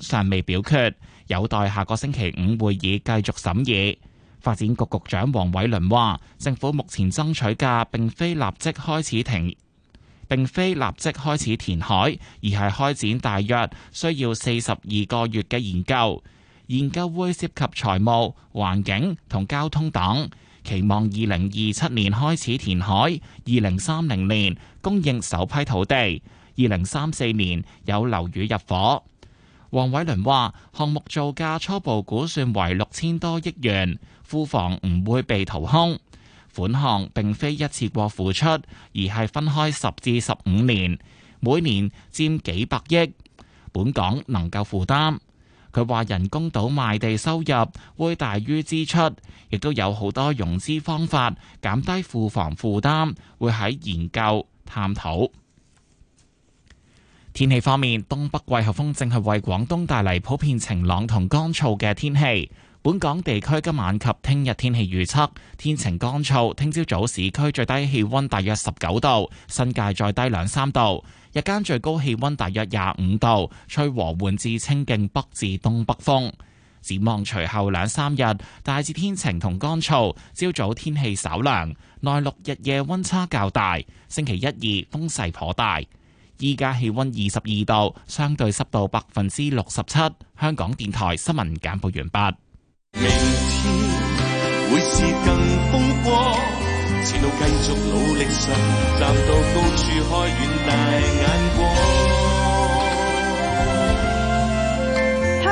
尚未表決，有待下個星期五會議繼續審議。發展局局長黃偉綸話，政府目前爭取嘅並非立即開始停，並非立即開始填海，而係開展大約需要四十二個月嘅研究。研究會涉及財務、環境同交通等，期望二零二七年開始填海，二零三零年供應首批土地，二零三四年有樓宇入伙。黃偉倫話：項目造價初步估算為六千多億元，庫房唔會被掏空，款項並非一次過付出，而係分開十至十五年，每年佔幾百億。本港能夠負擔。佢話人工島賣地收入會大於支出，亦都有好多融資方法減低庫房負擔，會喺研究探討。天氣方面，東北季候風正係為廣東帶嚟普遍晴朗同乾燥嘅天氣。本港地區今晚及聽日天氣預測，天晴乾燥，聽朝早市區最低氣温大約十九度，新界再低兩三度，日間最高氣温大約廿五度，吹和緩至清勁北至東北風。展望隨後兩三日，大致天晴同乾燥，朝早天氣稍涼，內陸日夜温差較大。星期一二風勢頗大。依家氣温二十二度，相對濕度百分之六十七。香港電台新聞簡報完畢。明天會是更風光，前路繼續努力上，站到高處開遠大眼光。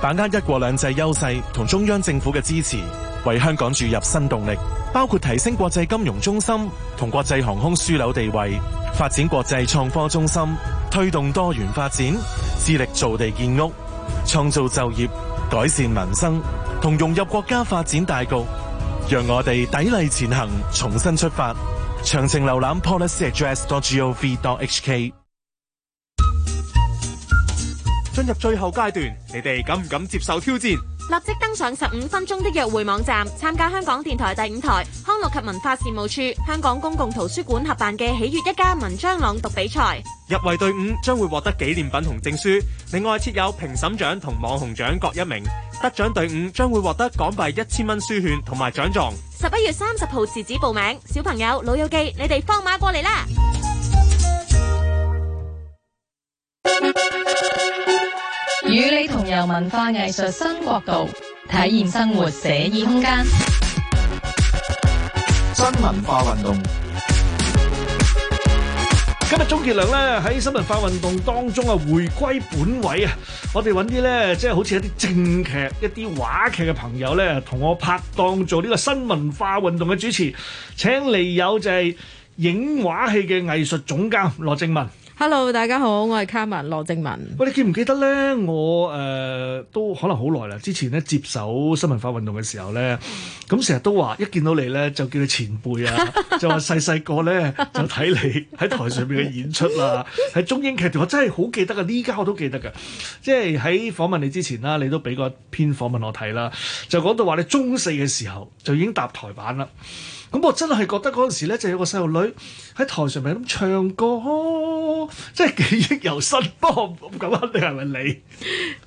把握一國兩制優勢同中央政府嘅支持，為香港注入新動力，包括提升國際金融中心同國際航空樞紐地位，發展國際創科中心，推動多元發展，致力造地建屋，創造就業，改善民生，同融入國家發展大局，讓我哋砥礪前行，重新出發。詳情瀏覽 policyaddress.gov.hk 進入最後階段，你哋敢唔敢接受挑戰？立即登上十五分鐘的約會網站，參加香港電台第五台、康樂及文化事務處、香港公共圖書館合辦嘅喜悅一家文章朗讀比賽。入圍隊伍將會獲得紀念品同證書，另外設有評審獎同網紅獎各一名。得獎隊伍將會獲得港幣一千蚊書券同埋獎狀。十一月三十號截止報名，小朋友、老友記，你哋放馬過嚟啦！與你同遊文化藝術新國度，體驗生活寫意空間。新文化運動，今日鍾傑良咧喺新文化運動當中啊，回歸本位啊！我哋揾啲咧，即係好似一啲正劇、一啲話劇嘅朋友咧，同我拍檔做呢個新文化運動嘅主持，請嚟有就係影畫戲嘅藝術總監羅靜雯。hello，大家好，我係 Carmen 羅靜雯。喂、哦，你記唔記得呢？我誒、呃、都可能好耐啦。之前咧，接手新文化運動嘅時候呢，咁成日都話一見到你呢，就叫你前輩啊， 就話細細個呢，就睇你喺台上面嘅演出啦、啊，喺 中英劇團，我真係好記得噶，呢家我都記得噶。即係喺訪問你之前啦，你都俾過一篇訪問我睇啦，就講到話你中四嘅時候就已經踏台板啦。咁我真係覺得嗰陣時咧，就有個細路女喺台上面咁唱歌、哦，即係記憶猶新噃。咁肯定係咪你？誒、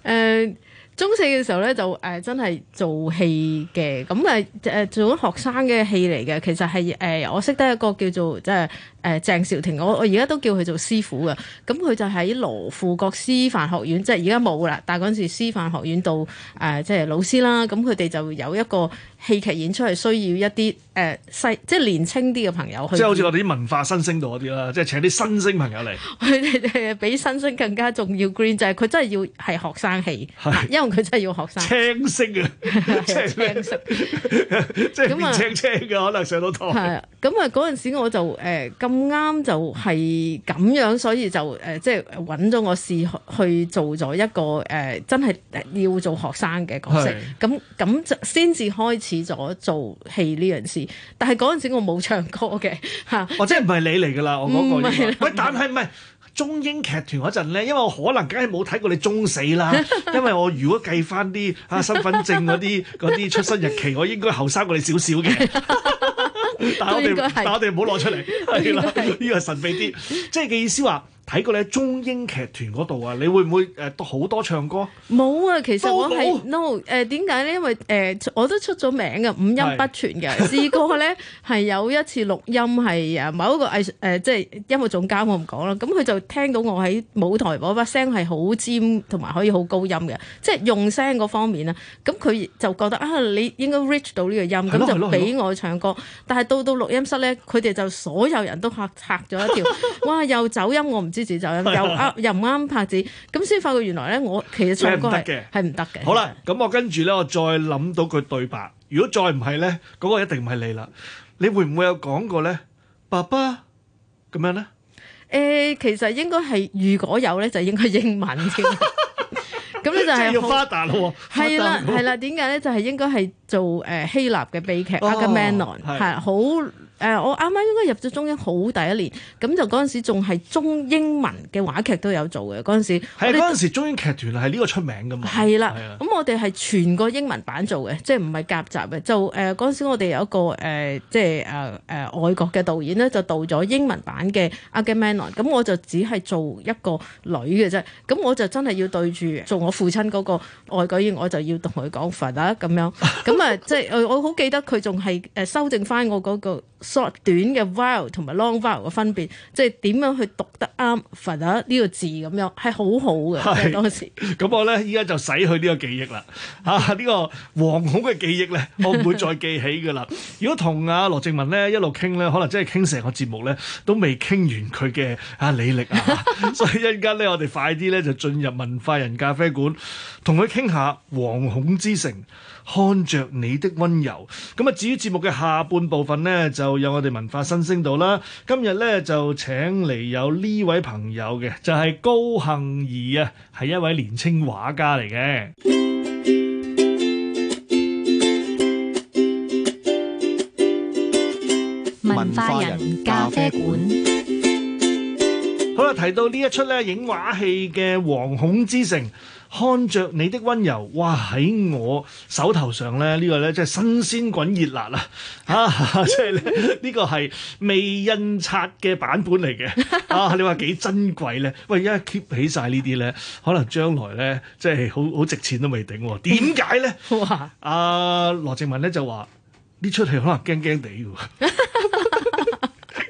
呃、中四嘅時候咧，就誒、呃、真係、嗯呃、做戲嘅，咁啊誒做緊學生嘅戲嚟嘅。其實係誒、呃、我識得一個叫做即係誒鄭少庭，我我而家都叫佢做師傅嘅。咁、嗯、佢就喺羅富國師範學院，即係而家冇啦。但嗰陣時師範學院度誒、呃、即係老師啦。咁佢哋就有一個。戲劇演出係需要一啲誒細，即係年輕啲嘅朋友去。即係好似我哋啲文化新星度啲啦，即係請啲新星朋友嚟。佢哋比新星更加重要，green 就係佢真係要係學生戲，的因為佢真係要學生青星啊、 就係，即青星色，即係咁青青嘅可能上到台。係咁啊，嗰陣時我就誒咁啱就係咁樣，所以就誒、呃、即係揾咗我試去去做咗一個誒、呃、真係要做學生嘅角色。咁咁的就先至開始，止咗做戲呢樣事，但係嗰陣時我冇唱歌嘅吓，或者唔係你嚟噶啦，我講個喂，但係唔係中英劇團嗰陣咧，因為我可能梗係冇睇過你中死啦，因為我如果計翻啲啊身份證嗰啲啲出生日期，我應該後生過你少少嘅，但係我哋但我哋唔好攞出嚟，係啦，呢個神秘啲，即係嘅意思話。喺個咧中英劇團嗰度啊，你會唔會誒好多唱歌？冇啊，其實我係 no 誒點解咧？因為誒我都出咗名嘅，五音不全嘅。試過咧係有一次錄音係啊某一個藝術誒即係音樂總監，我唔講啦。咁佢就聽到我喺舞台，我把聲係好尖同埋可以好高音嘅，即係用聲嗰方面啊，咁佢就覺得啊，你應該 reach 到呢個音，咁就俾我唱歌。但係到到錄音室咧，佢哋就所有人都嚇嚇咗一跳，哇又走音！我唔知。就 又啱又唔啱拍子，咁先發覺原來咧，我其實唱歌係唔得嘅。好啦，咁我跟住咧，我再諗到句對白。如果再唔係咧，嗰、那個一定唔係你啦。你會唔會有講過咧？爸爸咁樣咧？誒、欸，其實應該係如果有咧， 就是、應該英文添。咁咧就係要發達咯。係啦係啦，點解咧？就係應該係做誒希臘嘅悲劇《Agamemnon》係好。誒、呃，我啱啱應該入咗中英好第一年，咁就嗰陣時仲係中英文嘅話劇都有做嘅。嗰陣時係嗰陣時中英劇團係呢個出名噶嘛？係啦，咁我哋係全個英文版做嘅，即係唔係夾雜嘅。就誒嗰陣時我哋有一個誒、呃，即係誒誒外國嘅導演咧，就導咗英文版嘅《Agamemnon》。咁我就只係做一個女嘅啫。咁我就真係要對住做我父親嗰個外國人，我就要同佢講佛啦。咁樣。咁啊，即係我好記得佢仲係誒修正翻我嗰個。short 短嘅 vowel 同埋 long vowel 嘅分別，即係點樣去讀得啱 v 啊呢、這個字咁樣係好好嘅係是當時咁我咧依家就洗去呢個記憶啦。 啊呢、這個惶恐嘅記憶咧，我唔會再記起噶啦。如果同阿、啊、羅靜文咧一路傾咧，可能真係傾成個節目咧都未傾完佢嘅啊履歷啊，歷 所以一間咧我哋快啲咧就進入文化人咖啡館，同佢傾下惶恐之城。看著你的温柔，咁啊！至於節目嘅下半部分呢，就有我哋文化新星道啦。今日呢，就請嚟有呢位朋友嘅，就係、是、高杏兒啊，係一位年輕畫家嚟嘅。文化人咖啡館。啡館好啦，提到呢一出呢影畫戲嘅《惶恐之城》。看著你的溫柔，哇！喺我手頭上咧，這個、呢個咧，即係新鮮滾熱辣啊！啊，即係呢、這個係未印刷嘅版本嚟嘅啊！你話幾珍貴咧？喂，而家 keep 起晒呢啲咧，可能將來咧即係好好值錢都未定喎、啊。點解咧？哇、啊！阿羅靜雯咧就話呢出戲可能驚驚地喎。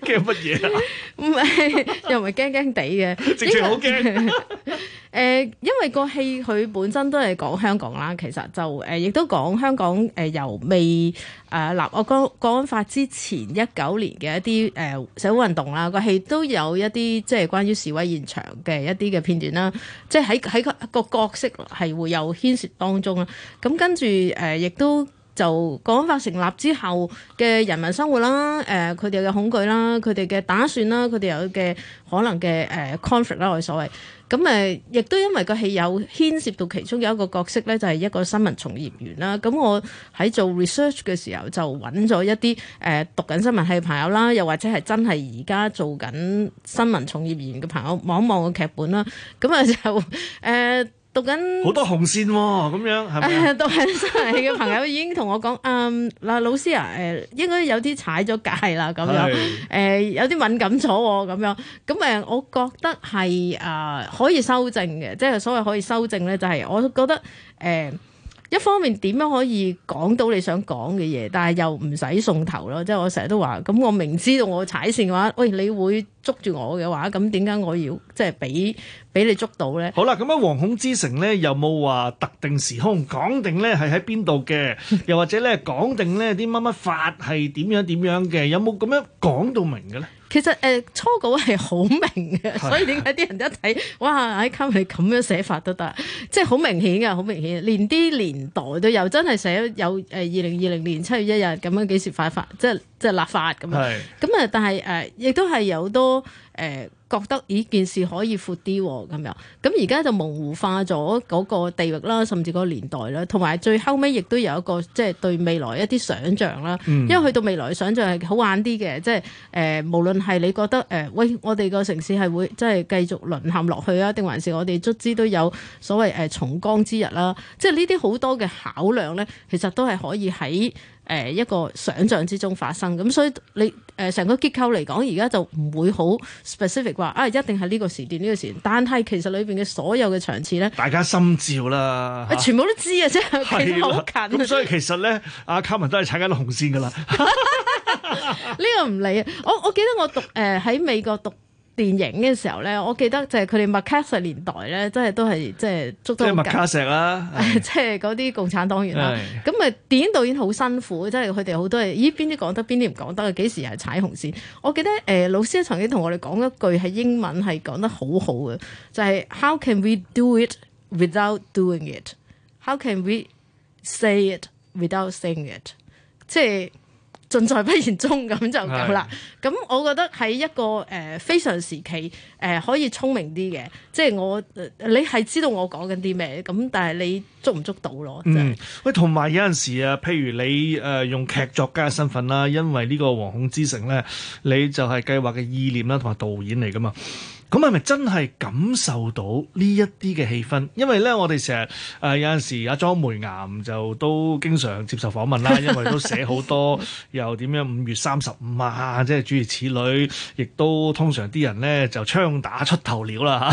驚乜嘢啊？唔係 又唔係驚驚地嘅，直接好驚。誒，因為個戲佢本身都係講香港啦，其實就誒亦、呃、都講香港誒、呃、由未啊立《國安法》之前一九年嘅一啲誒社會運動啦，個戲都有一啲即係關於示威現場嘅一啲嘅片段啦，即係喺喺個角色係會有牽涉當中啦。咁跟住誒亦都，就國安法成立之後嘅人民生活啦，誒佢哋嘅恐懼啦，佢哋嘅打算啦，佢哋有嘅可能嘅誒、呃、conflict 啦，我所謂咁誒、呃，亦都因為個戲有牽涉到其中有一個角色咧，就係、是、一個新聞從業員啦。咁我喺做 research 嘅時候就揾咗一啲誒、呃、讀緊新聞系嘅朋友啦，又或者係真係而家做緊新聞從業員嘅朋友望一望個劇本啦。咁啊就誒。呃讀緊好多紅線喎、啊，咁樣係咪？是是讀緊書嘅朋友已經同我講， 嗯嗱，老師啊，誒應該有啲踩咗界啦，咁樣誒是、呃、有啲敏感咗喎，咁樣咁誒、嗯，我覺得係啊、呃、可以修正嘅，即係所謂可以修正咧，就係、是、我覺得誒、呃、一方面點樣可以講到你想講嘅嘢，但係又唔使送頭咯，即係我成日都話，咁我明知道我踩線嘅話，喂，你會。捉住我嘅話，咁點解我要即係俾俾你捉到咧？好啦，咁樣《惶恐之城》咧，有冇話特定時空講定咧？係喺邊度嘅？又或者咧講定咧啲乜乜法係點樣點樣嘅？有冇咁樣講到明嘅咧？其實誒、呃、初稿係好明嘅， 所以點解啲人一睇，哇喺 comment 咁樣寫法都得，即係好明顯嘅，好明顯，連啲年代都有，真係寫有誒二零二零年七月一日咁樣幾時快法。即係。即係立法咁樣，咁啊是！但係誒、呃，亦都係有好多誒、呃，覺得咦，件事可以闊啲咁樣。咁而家就模糊化咗嗰個地域啦，甚至個年代啦，同埋最後尾亦都有一個即係對未來一啲想像啦。因為去到未來想像係好玩啲嘅，即係誒、呃，無論係你覺得誒、呃，喂，我哋個城市係會即係繼續淪陷落去啊，定還是我哋卒之都有所謂誒、呃、重光之日啦？即係呢啲好多嘅考量咧，其實都係可以喺。誒、呃、一個想像之中發生咁，所以你誒成、呃、個結構嚟講，而家就唔會好 specific 話，啊，一定係呢個時段呢、呢個時段。但係其實裏邊嘅所有嘅場次咧，大家心照啦，啊、全部都知啊，即係好近。咁所以其實咧，阿卡文都係踩緊紅線噶啦。呢 個唔理啊，我我記得我讀誒喺、呃、美國讀電影嘅時候咧，我記得就係佢哋麥卡石年代咧，真係都係即係捉到，即係麥卡石啦、啊，即係嗰啲共產黨員啦。咁啊、哎，電影導演好辛苦，真係佢哋好多嘢。咦，邊啲講得，邊啲唔講得啊？幾時係踩紅線？我記得誒、呃，老師曾經同我哋講一句係英文，係講得好好嘅，就係、是、How can we do it without doing it？How can we say it without saying it？即係。盡在不言中咁就夠啦。咁是的 我覺得喺一個誒、呃、非常時期，誒、呃、可以聰明啲嘅，即係我、呃、你係知道我講緊啲咩，咁但係你捉唔捉到咯？嗯，喂，同埋有陣時啊，譬如你誒、呃、用劇作家嘅身份啦，因為呢個《惶恐之城》咧，你就係計劃嘅意念啦，同埋導演嚟㗎嘛。咁係咪真係感受到呢一啲嘅氣氛？因為咧，我哋成日誒有陣時，阿莊梅岩就都經常接受訪問啦。因為都寫好多， 又點樣五月三十五啊，即係諸如此類。亦都通常啲人咧就槍打出頭鳥啦。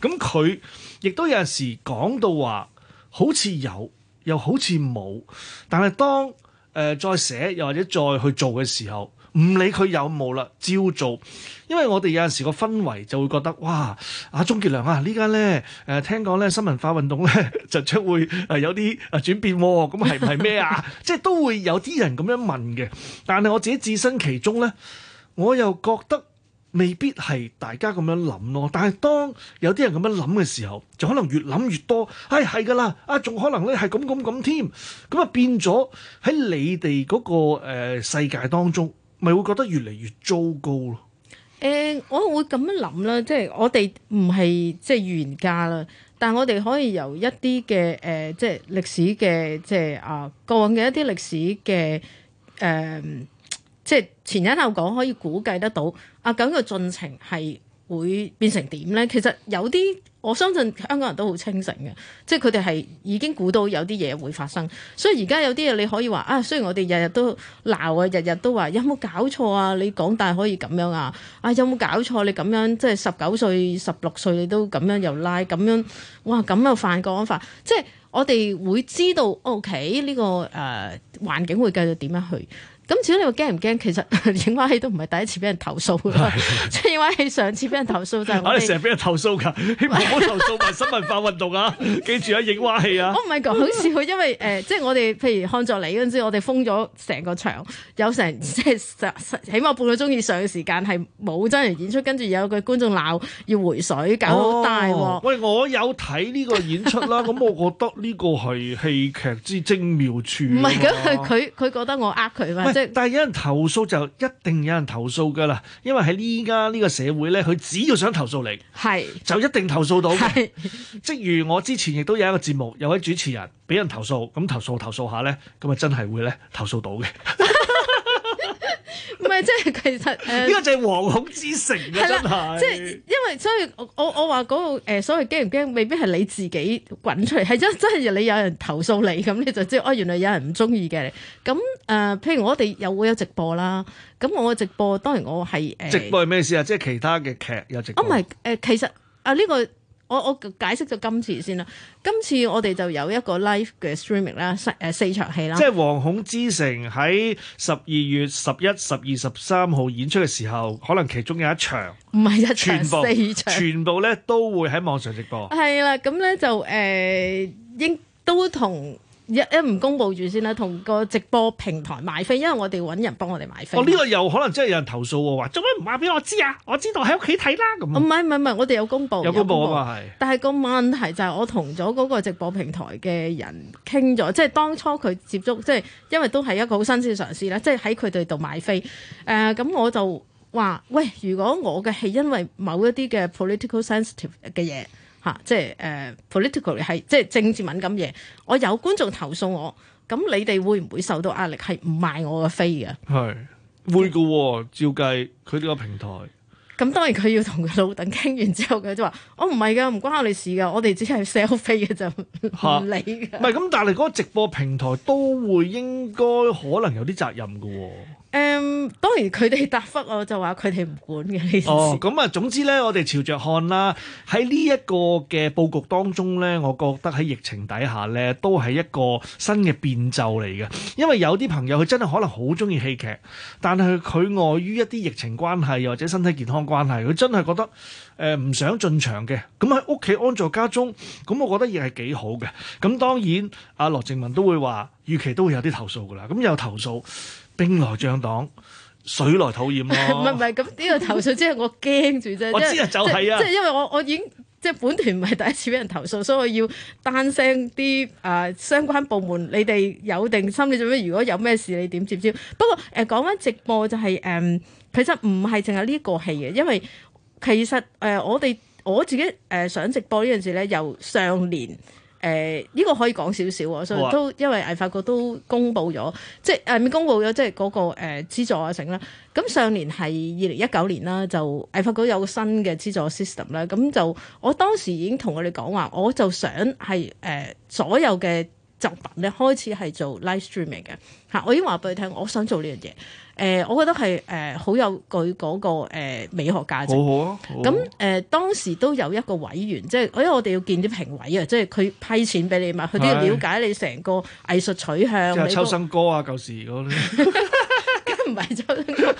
咁佢亦都有陣時講到話，好似有，又好似冇。但係當誒、呃、再寫，又或者再去做嘅時候。唔理佢有冇啦，照做，因為我哋有陣時個氛圍就會覺得哇，阿鍾傑良啊，呢家咧誒聽講咧新文化運動咧就將會誒有啲誒轉變，咁係唔係咩啊？即係都會有啲人咁樣問嘅，但係我自己置身其中咧，我又覺得未必係大家咁樣諗咯。但係當有啲人咁樣諗嘅時候，就可能越諗越多，誒係噶啦，啊仲可能咧係咁咁咁添，咁啊變咗喺你哋嗰個誒世界當中。咪會覺得越嚟越糟糕咯。誒、欸，我會咁樣諗啦，即係我哋唔係即係預言家啦，但係我哋可以由一啲嘅誒，即係歷史嘅，即係啊，過往嘅一啲歷史嘅誒、呃，即係前因後果可以估計得到啊，咁嘅進程係。會變成點呢？其實有啲我相信香港人都好清醒嘅，即係佢哋係已經估到有啲嘢會發生，所以而家有啲嘢你可以話啊。雖然我哋日日都鬧啊，日日都話有冇搞錯啊？你講大可以咁樣啊？啊，有冇搞錯你咁樣？你咁樣即係十九歲、十六歲你都咁樣又拉咁樣，哇咁又犯國安法？即係我哋會知道，OK 呢、呢個誒、呃、環境會繼續點樣去。咁至於你會驚唔驚？其實影畫戲都唔係第一次俾人投訴㗎。影畫 戲上次俾人投訴就係我哋成日俾人投訴㗎。希望唔好投訴埋新文化運動啊！ 記住啊，影畫戲啊。我唔係講笑， 因為誒、呃，即係我哋譬如看作嚟嗰陣時我哋封咗成個場，有成即係上起碼半個鐘以上嘅時間係冇真人演出，跟住有個觀眾鬧要回水，搞好大喎。喂，我有睇呢個演出啦，咁 我覺得呢個係戲劇之精妙處。唔係，咁佢佢佢覺得我呃佢咩？但係有人投訴就一定有人投訴㗎啦，因為喺呢家呢個社會呢，佢只要想投訴你，係是就一定投訴到嘅。是即如我之前亦都有一個節目，有位主持人俾人投訴，咁投訴投訴下呢，咁啊真係會呢，投訴，投訴到嘅。 唔係， 即係其實誒，呢、呃、個就係惶恐之城啊！係啦的，即係因為所以，我我我話嗰個誒，所謂驚唔驚，未必係你自己滾出嚟，係真真係你有人投訴你，咁你就知哦、哎，原來有人唔中意嘅。咁誒、呃，譬如我哋又會有直播啦，咁我嘅直播當然我係誒，呃、直播係咩意思啊？即係其他嘅劇有直哦唔係誒，其實啊呢、這個。我我解釋咗今次先啦。今次我哋就有一個 live 嘅 streaming 啦，誒四、呃、四場戲啦。即係《惶恐之城》喺十二月十一、十二、十三號演出嘅時候，可能其中有一場，唔係一場，全部場全部咧都會喺網上直播。係啦，咁咧就誒、呃、應該都同。一一唔公布住先啦，同個直播平台買飛，因為我哋揾人幫我哋買飛。呢個又可能真係有人投訴喎，話做咩唔話俾我知啊？我知道喺屋企睇啦咁。唔係唔係唔係，我哋有公布。有公布啊嘛。係。但係個問題就係我同咗嗰個直播平台嘅人傾咗，即係當初佢接觸，即係因為都係一個好新鮮嘅嘗試啦，即係喺佢哋度買飛。誒、呃，咁我就話：喂，如果我嘅係因為某一啲嘅 political sensitive 嘅嘢。嚇、啊，即係誒、uh,，political 係即係政治敏感嘢。我有觀眾投訴我，咁你哋會唔會受到壓力？係唔賣我嘅飛嘅？係會㗎、啊，照計佢呢個平台。咁當然佢要同佢老闆傾完之後，佢就話、哦：我唔係㗎，唔關我哋事㗎，我哋只係 sell 飛㗎就唔理的。唔係咁，但係嗰個直播平台都會應該可能有啲責任㗎喎、啊。嗯，當然佢哋答覆我就話佢哋唔管嘅呢事。咁啊、哦嗯，總之呢，我哋朝着看啦。喺呢一個嘅佈局當中呢，我覺得喺疫情底下呢，都係一個新嘅變奏嚟嘅。因為有啲朋友佢真係可能好中意戲劇，但係佢礙於一啲疫情關係又或者身體健康關係，佢真係覺得誒唔、呃、想進場嘅。咁喺屋企安坐家中，咁我覺得亦係幾好嘅。咁當然，阿、啊、羅靜雯都會話預期都會有啲投訴㗎喇。咁有投訴。兵來將擋，水來土掩咯。唔係唔係，咁呢個投訴即係 我驚住啫。我知啊，就係啊。即係因為我我已經即係本團唔係第一次俾人投訴，所以我要單聲啲啊、呃、相關部門，你哋有定心你做咩？如果有咩事，你點接招？不過誒講翻直播就係、是、誒、呃，其實唔係淨係呢個戲嘅，因為其實誒我哋我自己誒上、呃、直播呢件事咧，由上年。嗯誒呢、呃這個可以講少少，所以都因為藝發局都公布咗，即係誒未公布咗，即係嗰、那個誒資、呃、助啊，成啦。咁上年係二零一九年啦，就藝發局有個新嘅資助 system 啦。咁就我當時已經同佢哋講話，我就想係誒、呃、所有嘅作品咧，開始係做 live streaming 嘅嚇。我已經話俾你聽，我想做呢樣嘢。誒、呃，我覺得係誒，好、呃、有佢嗰、那個、呃、美學價值。好好啊！咁誒、嗯呃，當時都有一個委員，即係因為我哋要見啲評委啊，即係佢批錢俾你嘛，佢都要了解你成個藝術取向。哎、國即係秋生哥啊，舊時嗰、那、啲、個。唔係秋生哥，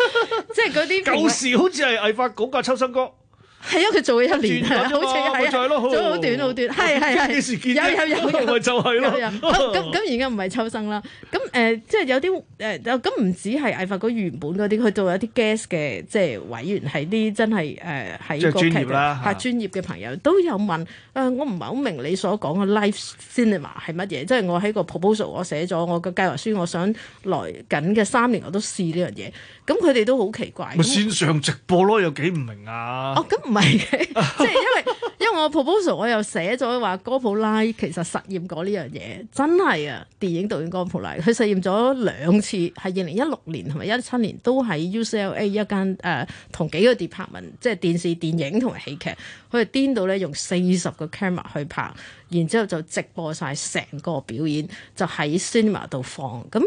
即係嗰啲。舊時好似係藝發局噶秋生哥。 係因為，佢做咗一年，好似係好短好短，係係係。有有有有，咪就係咯。咁咁而家唔係秋生啦。咁誒，即係有啲誒，咁唔止係藝發局原本嗰啲，佢做有啲 guest 嘅，即係委員係啲真係誒喺個客專業嘅朋友都有問。誒，我唔係好明你所講嘅 live cinema 係乜嘢？即係我喺個 proposal 我寫咗我個計劃書，我想來緊嘅三年我都試呢樣嘢。咁佢哋都好奇怪。線上直播咯，有幾唔明啊？咁唔係嘅， 即係因為因為我 proposal 我又寫咗話哥普拉其實實驗過呢樣嘢，真係啊！電影導演哥普拉佢實驗咗兩次，係二零一六年同埋一七年，都喺 UCLA 一間誒同幾個 department 即係電視電影同埋戲劇，佢係顛到咧用四十個 camera 去拍，然之後就直播晒成個表演，就喺 cinema 度放。咁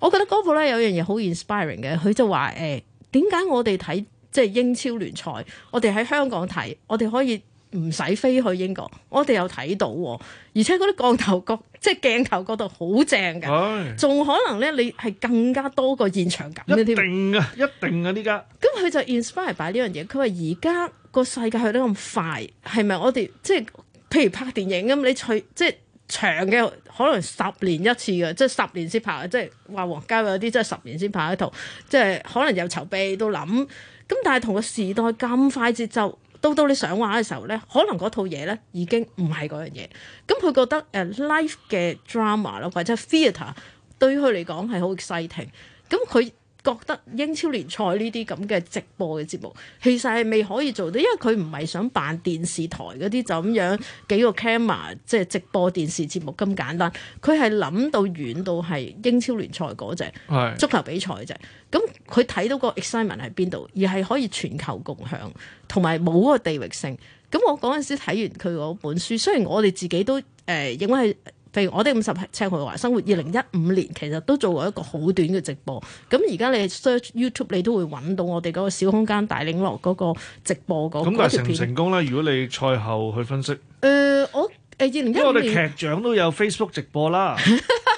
我覺得哥普拉有樣嘢好 inspiring 嘅，佢就話誒點解我哋睇？即係英超聯賽，我哋喺香港睇，我哋可以唔使飛去英國，我哋有睇到、哦，而且嗰啲鏡頭角度好正㗎，仲、哎、可能咧你係更加多過現場感一定，一定啊，一定啊，呢家。咁佢就 inspire 擺呢樣嘢，佢話而家個世界去得咁快，係咪我哋即係譬如拍電影咁，你取即係長嘅可能十年一次㗎，即係十年先拍，即係話黃家衞啲即係十年先拍一套，即係可能有籌備都諗。咁但係同個時代咁快節奏，到到你上畫嘅時候咧，可能嗰套嘢咧已經唔係嗰樣嘢。咁佢覺得誒 life 嘅 drama 啦，或者係 theatre，對於佢嚟講係好 exciting。咁佢。覺得英超聯賽呢啲咁嘅直播嘅節目，其實係未可以做到，因為佢唔係想辦電視台嗰啲就咁樣幾個 camera 即係直播電視節目咁簡單。佢係諗到遠到係英超聯賽嗰隻是足球比賽啫。咁佢睇到個 excitement 喺邊度，而係可以全球共享，同埋冇個地域性。咁我嗰陣時睇完佢嗰本書，雖然我哋自己都誒、呃，因為係。譬如我哋五十尺豪華生活二零一五年其實都做過一個好短嘅直播。咁而家你 search YouTube，你都會揾到我哋嗰個小空間大領落嗰個直播嗰，那個。咁但係成唔成功咧？如果你賽後去分析，誒、呃、我。誒，二零一我哋劇場都有 Facebook 直播啦，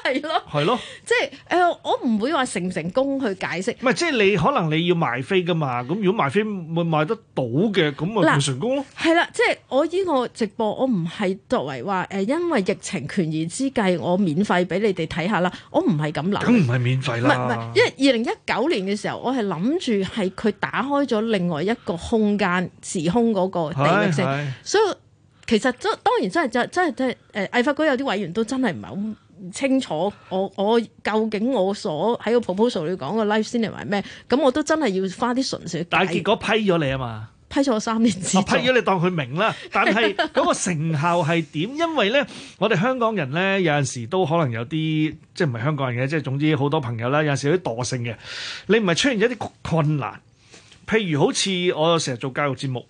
係 咯，係咯，即係誒、呃，我唔會話成唔成功去解釋。唔係，即係你可能你要賣飛噶嘛，咁如果賣飛賣賣得到嘅，咁咪會成功咯。係啦，即係我依個直播，我唔係作為話誒、呃，因為疫情權宜之計，我免費俾你哋睇下啦。我唔係咁諗，梗唔係免費啦。唔係，因為二零一九年嘅時候，我係諗住係佢打開咗另外一個空間、時空嗰個地域性，唉所以。其實都當然真係真係真係真係誒！藝發局有啲委員都真係唔係好清楚我我，我究竟我所喺個 proposal 裏講個 life cycle 係咩？咁我都真係要花啲唇舌去睇。但係結果批咗你啊嘛？批咗三年之。我批咗你當佢明啦，但係嗰個成效係點？ 因為咧，我哋香港人咧有陣時都可能有啲即係唔係香港人嘅，即係總之好多朋友啦，有陣時有啲惰性嘅。你唔係出現一啲困難，譬如好似我成日做教育節目。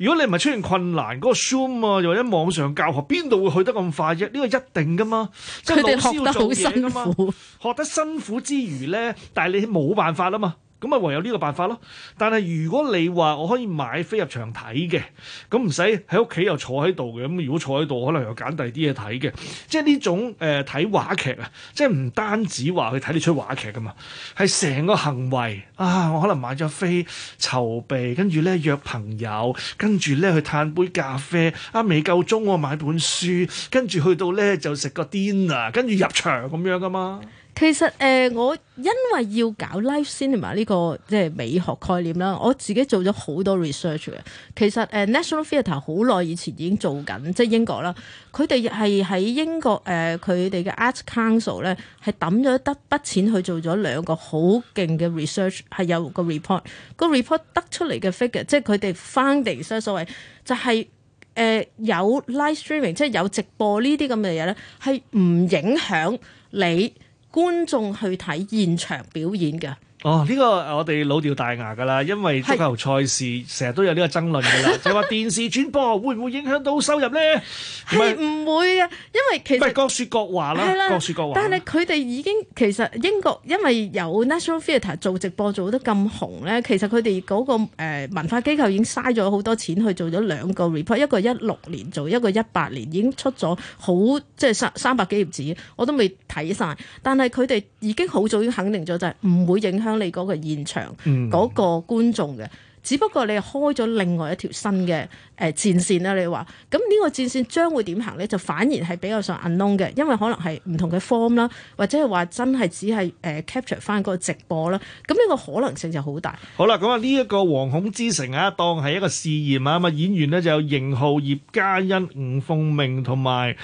如果你唔係出現困難，嗰個 Zoom 啊，又或者網上教學，邊度會去得咁快啫？呢個一定噶嘛，佢哋學得好辛苦，老師要做嘢噶嘛，學得辛苦之餘咧，但係你冇辦法啦嘛。咁啊，唯有呢個辦法咯。但係如果你話我可以買飛入場睇嘅，咁唔使喺屋企又坐喺度嘅。咁如果坐喺度，可能又揀第二啲嘢睇嘅。即係呢種誒睇、呃、話劇啊，即係唔單止話去睇呢出話劇噶嘛，係成個行為啊！我可能買咗飛籌備，跟住咧約朋友，跟住咧去嘆杯咖啡。啊，未夠鍾我、啊、買本書，跟住去到咧就食個 dinner 啊，跟住入場咁樣噶嘛。其實誒、呃，我因為要搞 live cinema 呢個即係美學概念啦，我自己做咗好多 research 嘅。其實誒、呃，National Theatre 好耐以前已經做緊，即係英國啦。佢哋係喺英國誒，佢哋嘅 Art Council 咧係揼咗一筆筆錢去做咗兩個好勁嘅 research，係有個 report 個 report 得出嚟嘅 figure，即係佢哋 funding 所所謂就係、是、誒、呃、有 live streaming，即係有直播呢啲咁嘅嘢咧，係唔影響你。觀眾去睇現場表演噶。哦，呢、呢個我哋老掉大牙噶啦，因為足球賽事成日都有呢個爭論噶啦，是 就話電視轉播會唔會影響到收入咧？係唔會啊，因為其實唔係各說各話啦，的各說各話。但係佢哋已經其實英國因為由 National Theatre 做直播做得咁紅咧，其實佢哋、嗰個誒、呃、文化機構已經嘥咗好多錢去做咗兩個 report，一個一六年做，一個一八年已經出咗好即係三三百幾頁紙，我都未睇晒。但係佢哋已經好早已經肯定咗，就係唔會影響。講你嗰個現場嗰個觀眾嘅，嗯、只不過你開咗另外一條新嘅誒、呃、戰線啦。你話咁呢個戰線將會點行咧？就反而係比較上 unknown 嘅，因為可能係唔同嘅 form 啦，或者係話真係只係誒、呃、capture 翻個直播啦。咁呢個可能性就好大。好啦，咁啊呢一個《惶恐之城》啊，當係一個試驗啊嘛，演員咧就有邢浩、葉嘉欣、吳鳳明同埋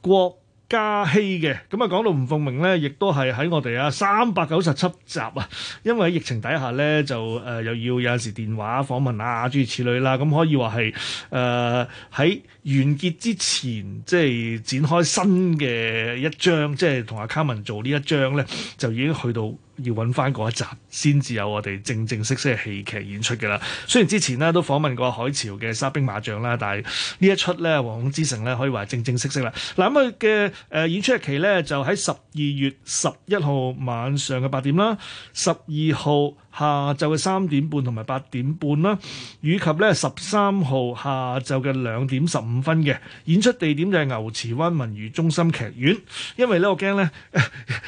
郭。加希嘅咁啊，講到吳鳳明咧，亦都係喺我哋啊三百九十七集啊，因為疫情底下咧，就誒、呃、又要有陣時電話訪問啊諸如此類啦，咁可以話係誒喺完結之前，即係展開新嘅一章，即係同阿卡文做呢一章咧，就已經去到。要揾翻嗰一集先至有我哋正正式式嘅戲劇演出嘅啦。雖然之前咧都訪問過海潮嘅《沙兵馬將》啦，但係呢一出咧《惶恐之城》咧，可以話正正式式啦。嗱，咁佢嘅誒演出日期咧就喺十二月十一號晚上嘅八點啦，十二號。下晝嘅三點半同埋八點半啦，以及咧十三號下晝嘅兩點十五分嘅演出地點就係牛池灣文娛中心劇院。因為咧我驚咧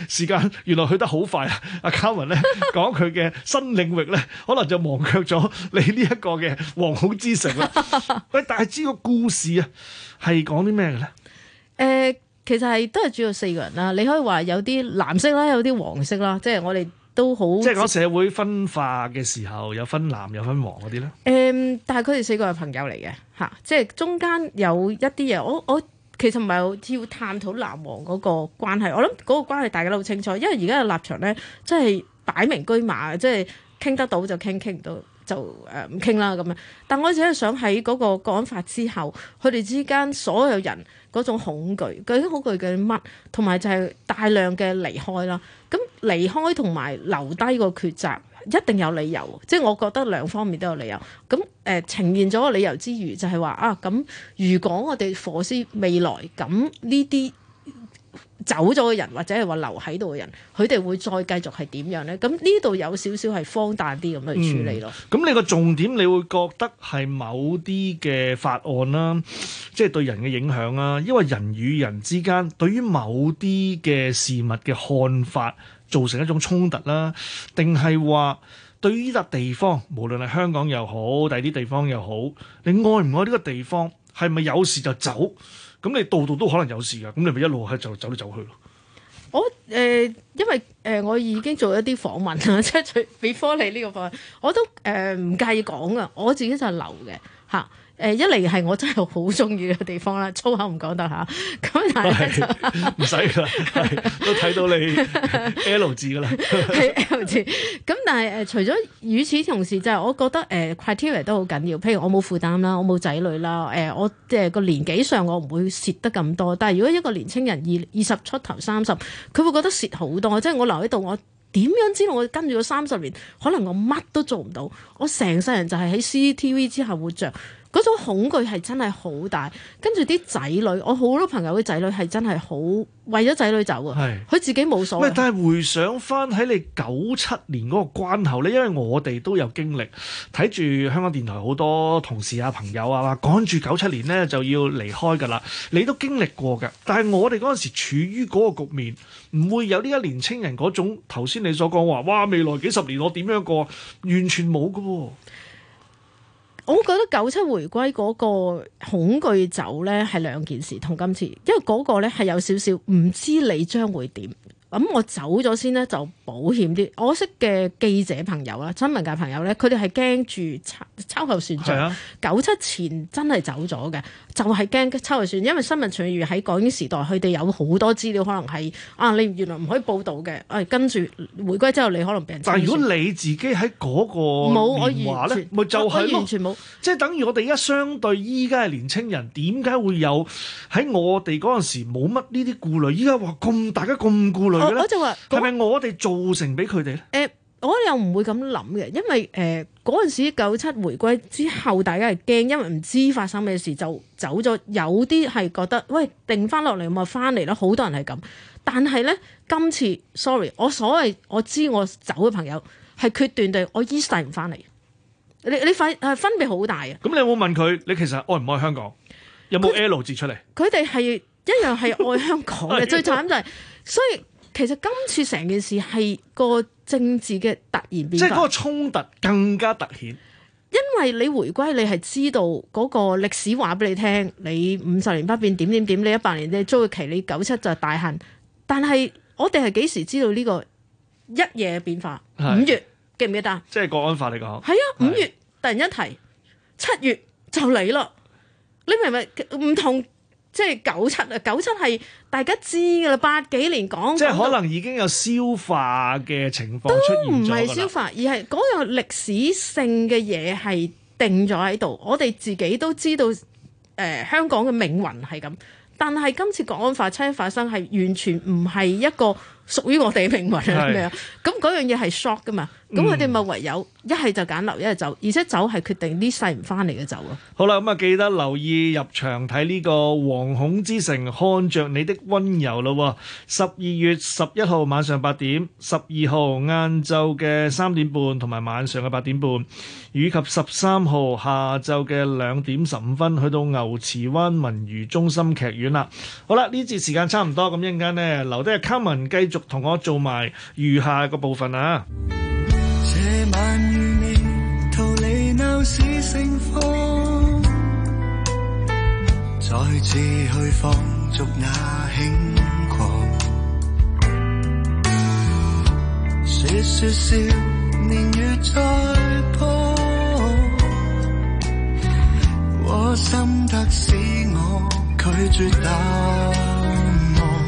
時間原來去得好快啊！阿 Kevin 咧講佢嘅新領域咧，可能就忘卻咗你呢一個嘅惶恐之城啦。喂，但係呢個故事啊，係講啲咩嘅咧？誒，其實係都係主要四個人啦。你可以話有啲藍色啦，有啲黃色啦，即係我哋。都好，即係講社會分化嘅時候，有分藍有分黃嗰啲咧。誒、嗯，但係佢哋四個係朋友嚟嘅，吓、啊，即係中間有一啲嘢，我我其實唔係好似要探討藍黃嗰個關係，我諗嗰個關係大家都好清楚，因為而家嘅立場咧，即係擺明車馬，即係傾得到就傾，傾唔到就誒唔傾啦咁樣。但係我只係想喺嗰個講法之後，佢哋之間所有人。嗰種恐懼，究竟，恐懼嘅乜，同埋就係大量嘅離開啦。咁離開同埋留低個抉擇，一定有理由。即係我覺得兩方面都有理由。咁誒、呃、呈，呈現咗個理由之餘，就係話啊，咁如果我哋火師未來咁呢啲。走咗嘅人或者係話留喺度嘅人，佢哋會再繼續係點樣呢？咁呢度有少少係荒誕啲咁去處理咯。咁、嗯、你個重點你會覺得係某啲嘅法案啦，即係對人嘅影響啦。因為人與人之間對於某啲嘅事物嘅看法造成一種衝突啦，定係話對呢笪地方，無論係香港又好，第啲地方又好，你愛唔愛呢個地方，係咪有事就走？咁你度度都可能有事噶，咁你咪一路喺度走嚟走去咯。我、嗯、誒，因為誒、嗯，我已經做一啲訪問啦，即係俾科尼呢個訪問，我都誒唔、嗯、介意講噶，我自己就係留嘅。吓！誒、啊、一嚟係我真係好中意嘅地方啦，粗口唔講得吓。咁但係唔使啦，都睇到你 L 字噶啦，L 字。咁 但係誒，除咗與此同時，就係、是、我覺得誒、呃、criteria 都好緊要。譬如我冇負擔啦，我冇仔女啦，誒、呃、我即係個年紀上我唔會蝕得咁多。但係如果一個年青人二二十出頭三十，佢會覺得蝕好多。即、就、係、是、我留喺度我。點樣知道我跟住佢三十年？可能我乜都做唔到，我成世人就係喺 CCTV 之下活着。嗰種恐懼係真係好大，跟住啲仔女，我好多朋友啲仔女係真係好為咗仔女走嘅，佢是自己冇所謂。但係回想翻喺你九七年嗰個關口呢，因為我哋都有經歷，睇住香港電台好多同事啊朋友啊，話趕住九七年呢就要離開㗎啦，你都經歷過㗎。但係我哋嗰陣時處於嗰個局面，唔會有呢一年青人嗰種頭先你所講話，哇未來幾十年我點樣過，完全冇嘅喎。我覺得九七回歸嗰個恐懼走呢係兩件事，同今次，因為嗰個呢係有少少唔知你將會點。咁、嗯、我走咗先呢，就保險啲。我識嘅記者朋友啦，新聞界朋友咧，佢哋係驚住秋秋後算帳。啊、九七前真係走咗嘅，就係、是、驚秋後算。因為新聞傳媒喺港英時代，佢哋有好多資料，可能係啊，你原來唔可以報導嘅。誒、啊，跟住回歸之後，你可能病。但係如果你自己喺嗰個年華咧，咪就係、是、冇。即係等於我哋而家相對依家嘅年青人，點解會有喺我哋嗰陣時冇乜呢啲顧慮？依家話咁大家咁顧慮。我，我就話係咪我哋造成俾佢哋咧？誒、欸，我又唔會咁諗嘅，因為誒嗰陣時九七回歸之後，大家係驚，因為唔知發生咩事就走咗，有啲係覺得喂定翻落嚟，咪翻嚟咯，好多人係咁。但係咧今次，sorry，我所謂我知我走嘅朋友係決斷地：「我一世唔翻嚟。」你你分誒別好大嘅。咁你有冇問佢？你其實愛唔愛香港？有冇 L 字出嚟？佢哋係一樣係愛香港嘅， 最慘就係、是、所以。其實今次成件事係個政治嘅突然變化，即係嗰個衝突更加突顯。因為你回歸，你係知道嗰個歷史話俾你聽，你五十年不變點點點，你一百年即係你租期，你九七就係大幸。但係我哋係幾時知道呢個一夜變化？五是月記唔記得？即係國安法嚟講。係啊，五月突然一提，七是月就嚟咯。你明唔明？唔同。即係九七啊！九七係大家知㗎啦，八幾年講。即係可能已經有消化嘅情況出現咗，都唔係消化，而係嗰樣歷史性嘅嘢係定咗喺度。我哋自己都知道，誒、呃、香港嘅命運係咁。但係今次港安法真發生，係完全唔係一個屬於我哋嘅命運啊咩，咁嗰樣嘢係 shock 㗎嘛？咁佢哋咪唯有一係就揀留，一係走，而且走係決定呢世唔翻嚟嘅走啊。好啦，咁、嗯、啊，記得留意入場睇呢、這個《惶恐之城》，看着你的溫柔咯。十二月十一號晚上八點，十二號晏晝嘅三點半，同埋晚上嘅八點半，以及十三號下晝嘅兩點十五分，去到牛池灣文娛中心劇院啦。好啦，呢節時間差唔多，咁一陣間呢，留低 Carmen 繼續同我做埋餘下個部分啊。是盛放，再次去放逐那輕狂。說說笑，年月在破，我心得使我拒絕淡忘，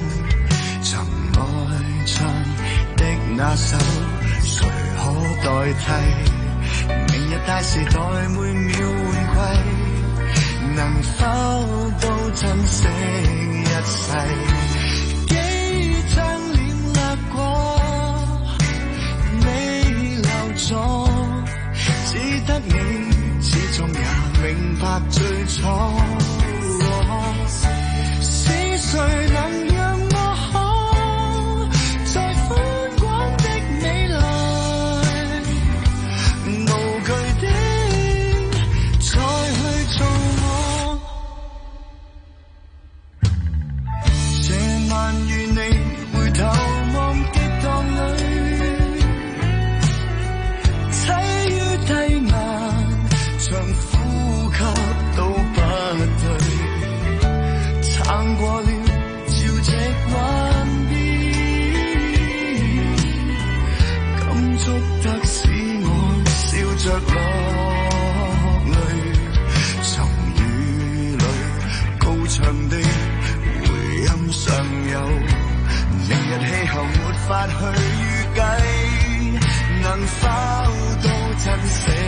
曾愛唱的那首，誰可代替？大時代每秒換季，能否都珍惜一世？幾張臉掠過，未留座，只得你始終也明白最初。是誰能？沒去預計，能否都珍惜？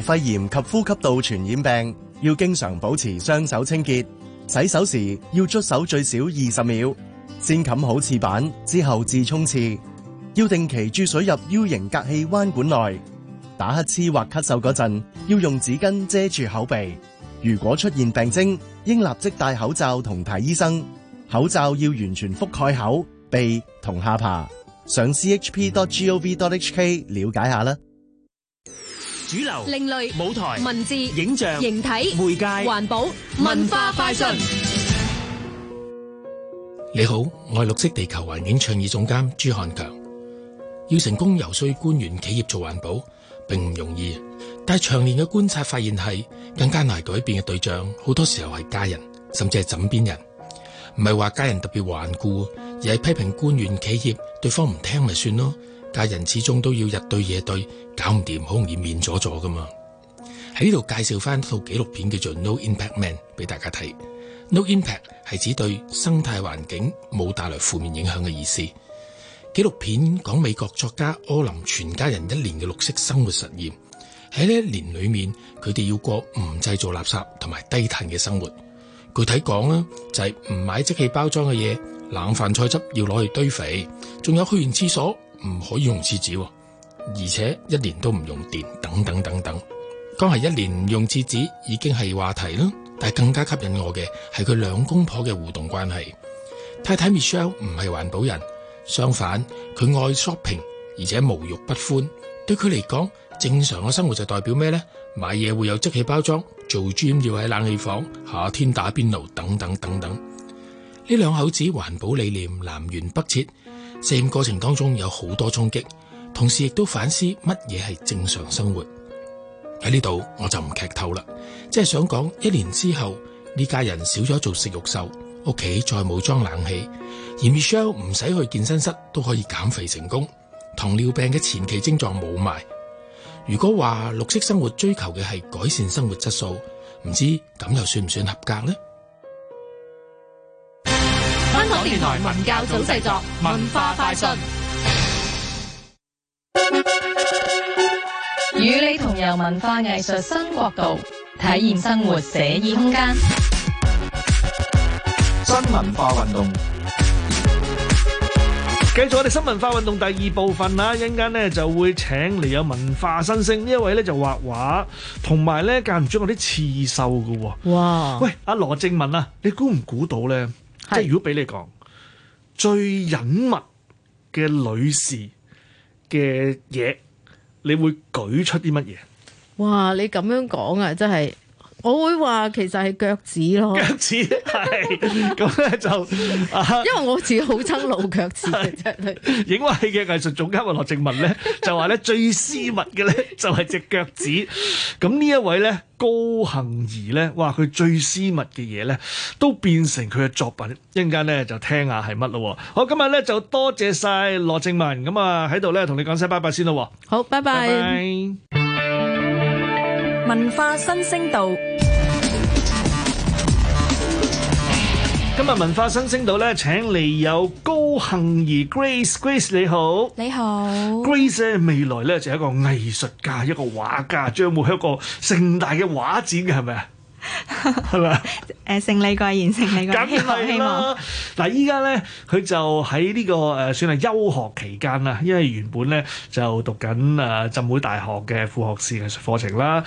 肺炎及呼吸道傳染病，要經常保持雙手清潔，洗手時要捽手最少二十秒，先冚好廁板之後至沖廁。要定期注水入 U 型隔氣彎管內。打乞嗤或咳嗽嗰陣要用紙巾遮住口鼻。如果出現病徵，應立即戴口罩同睇醫生。口罩要完全覆蓋口、鼻同下巴。上 chp.gov.hk 了解下啦。主流、另類舞台、文字、影像、形體、媒介、環保、文化快訊。你好，我係綠色地球環境倡議總監朱漢強。要成功游說官員、企業做環保，並唔容易。但係長年嘅觀察發現係，更加難改變嘅對象，好多時候係家人，甚至係枕邊人。唔係話家人特別頑固，而係批評官員、企業，對方唔聽咪算咯。家人始終都要日對夜對，搞唔掂，好容易面阻阻㗎嘛。喺呢度介紹返套紀錄片叫做 No Impact Man 俾大家睇。No Impact 係指對生態環境冇帶來負面影響嘅意思。紀錄片講美國作家柯林全家人一年嘅綠色生活實驗，喺呢一年裏面，佢哋要過唔製造垃圾同埋低碳嘅生活。具體講呢就係、是、唔買即棄包裝嘅嘢，冷飯菜汁要攞去堆肥，仲有去完廁所。唔可以用廁紙，而且一年都唔用電，等等等等。剛係一年唔用廁紙已經係話題啦。但係更加吸引我嘅係佢兩公婆嘅互動關係。太太 Michelle 唔係環保人，相反佢愛 shopping，而且無欲不歡。對佢嚟講，正常嘅生活就代表咩呢？買嘢會有即棄包裝，做 gym 要喺冷氣房，夏天打邊爐，等等等等。呢兩口子環保理念南轅北轍。試驗過程當中有好多衝擊，同時亦都反思乜嘢係正常生活。喺呢度我就唔劇透啦，即係想講一年之後呢家人少咗做食肉獸，屋企再冇裝冷氣，而 Michelle 唔使去健身室都可以減肥成功，糖尿病嘅前期症狀冇埋。如果話綠色生活追求嘅係改善生活質素，唔知咁又算唔算合格呢？電台文教組製作文化快訊，與你同遊文化藝術新國度，體驗生活寫意空間。新文化運動，繼續我哋新文化運動第二部分啊！一陣間咧就會請嚟有文化新星畫畫呢一位咧就畫畫，同埋咧間唔中我啲刺繡噶喎。哇！喂，阿羅靜雯啊，你估唔估到咧？即係如果俾你講最隱密嘅女士嘅嘢，你會舉出啲乜嘢？嘩！你咁樣講啊，真係～我會話其實係腳趾咯，腳趾係咁咧就，啊、因為我自己好憎露腳趾嘅啫。 影畫戲嘅藝術總監阿羅靜雯咧就話咧 最私密嘅咧就係隻腳趾。咁呢一位咧高杏兒咧，哇，佢最私密嘅嘢咧都變成佢嘅作品。一陣間咧就聽下係乜咯。好，今日咧就多謝晒羅靜雯，咁啊喺度咧同你講聲拜拜先咯。好，拜拜。Bye bye bye. 文化新星道，今日文化新星道咧，請嚟有高杏兒 Grace，Grace 你好。你好。Grace 咧未來咧就係一個藝術家，一個畫家，將會有一個盛大嘅畫展嘅，係咪啊？係咪啊？誒， 勝利固然勝利，咁係啦。嗱，依家，咧，佢就喺呢、這個誒、呃，算係休學期間啦。因為原本咧就讀緊誒浸會大學嘅副學士嘅藝術課程啦。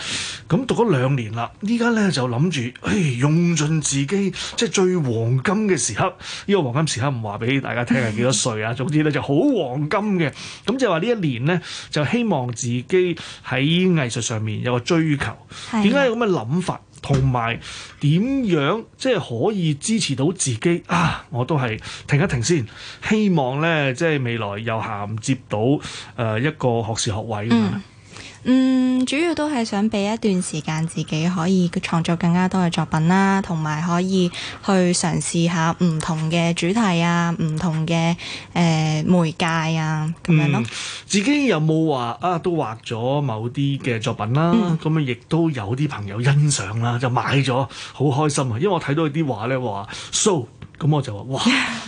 咁讀咗兩年啦，依家咧就諗住，誒、哎，用盡自己即係最黃金嘅時刻。呢個黃金時刻唔話俾大家聽係幾多歲啊？ 總之咧就好黃金嘅。咁就話呢一年咧，就希望自己喺藝術上面有個追求。點解的有咁嘅諗法？同埋點樣即係可以支持到自己啊？我都係停一停先，希望咧即係未來又銜接到誒、呃、一個學士學位。嗯嗯，主要都係想俾一段時間自己可以創作更加多嘅作品啦，同埋可以去嘗試下唔同嘅主題啊，唔同嘅誒、呃、媒介啊咁樣咯、嗯。自己有冇話啊？都畫咗某啲嘅作品啦，咁啊亦都有啲朋友欣賞啦，就買咗，好開心啊！因為我睇到啲畫咧話，so。咁我就話：哇，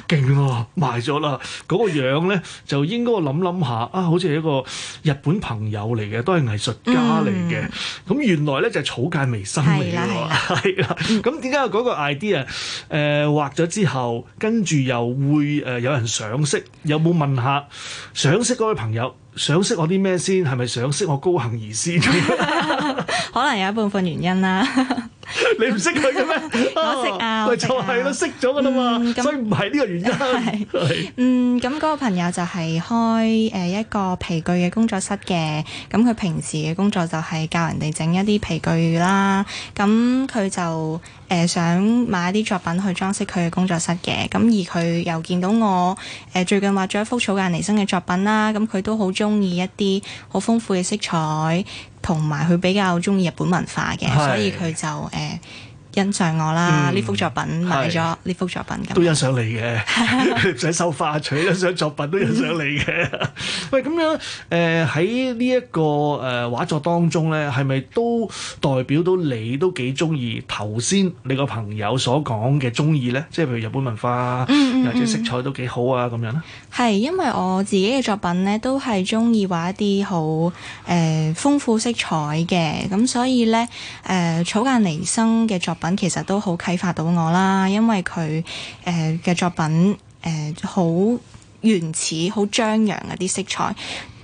勁喎、啊，賣咗啦！嗰、那個樣咧，就應該我諗諗下，啊，好似係一個日本朋友嚟嘅，都係藝術家嚟嘅。咁、嗯、原來咧就草芥微生嚟嘅，係啦。咁點解嗰個 idea 誒、呃、畫咗之後，跟住又會誒有人賞識？有冇問下賞識嗰位朋友賞識我啲咩先？係咪賞識我高杏兒先？ 可能有一部分原因啦。你唔識佢嘅咩？ 啊、我識啊，識啊就係、是、咯，識咗嘅啦嘛，嗯、所以唔係呢個原因。嗯，咁嗰是、嗯嗰個朋友就係開誒一個皮具嘅工作室嘅，咁佢平時嘅工作就係教人哋整一啲皮具啦。咁佢就誒、呃、想買啲作品去裝飾佢嘅工作室嘅。咁而佢又見到我誒、呃、最近畫咗一幅草間彌生嘅作品啦，咁佢都好中意一啲好豐富嘅色彩。同埋佢比較鍾意日本文化嘅，所以佢就誒、呃欣賞我啦！呢、嗯、幅作品買咗，呢是幅作品咁都欣賞你嘅，唔使 收花、啊，除欣賞作品都欣賞你嘅。喂， 咁樣誒喺呢一個誒、呃、畫作當中咧，係咪都代表到你都幾中意頭先你個朋友所講嘅中意咧？即係譬如日本文化，嗯嗯嗯、或者色彩都幾好啊咁樣咧。係因為我自己嘅作品咧，都係中意畫一啲好誒豐富色彩嘅，咁所以咧誒、呃、草間彌生嘅作品。其實都好啟發到我啦，因為佢誒嘅作品誒好、呃、原始、好張揚嗰啲色彩。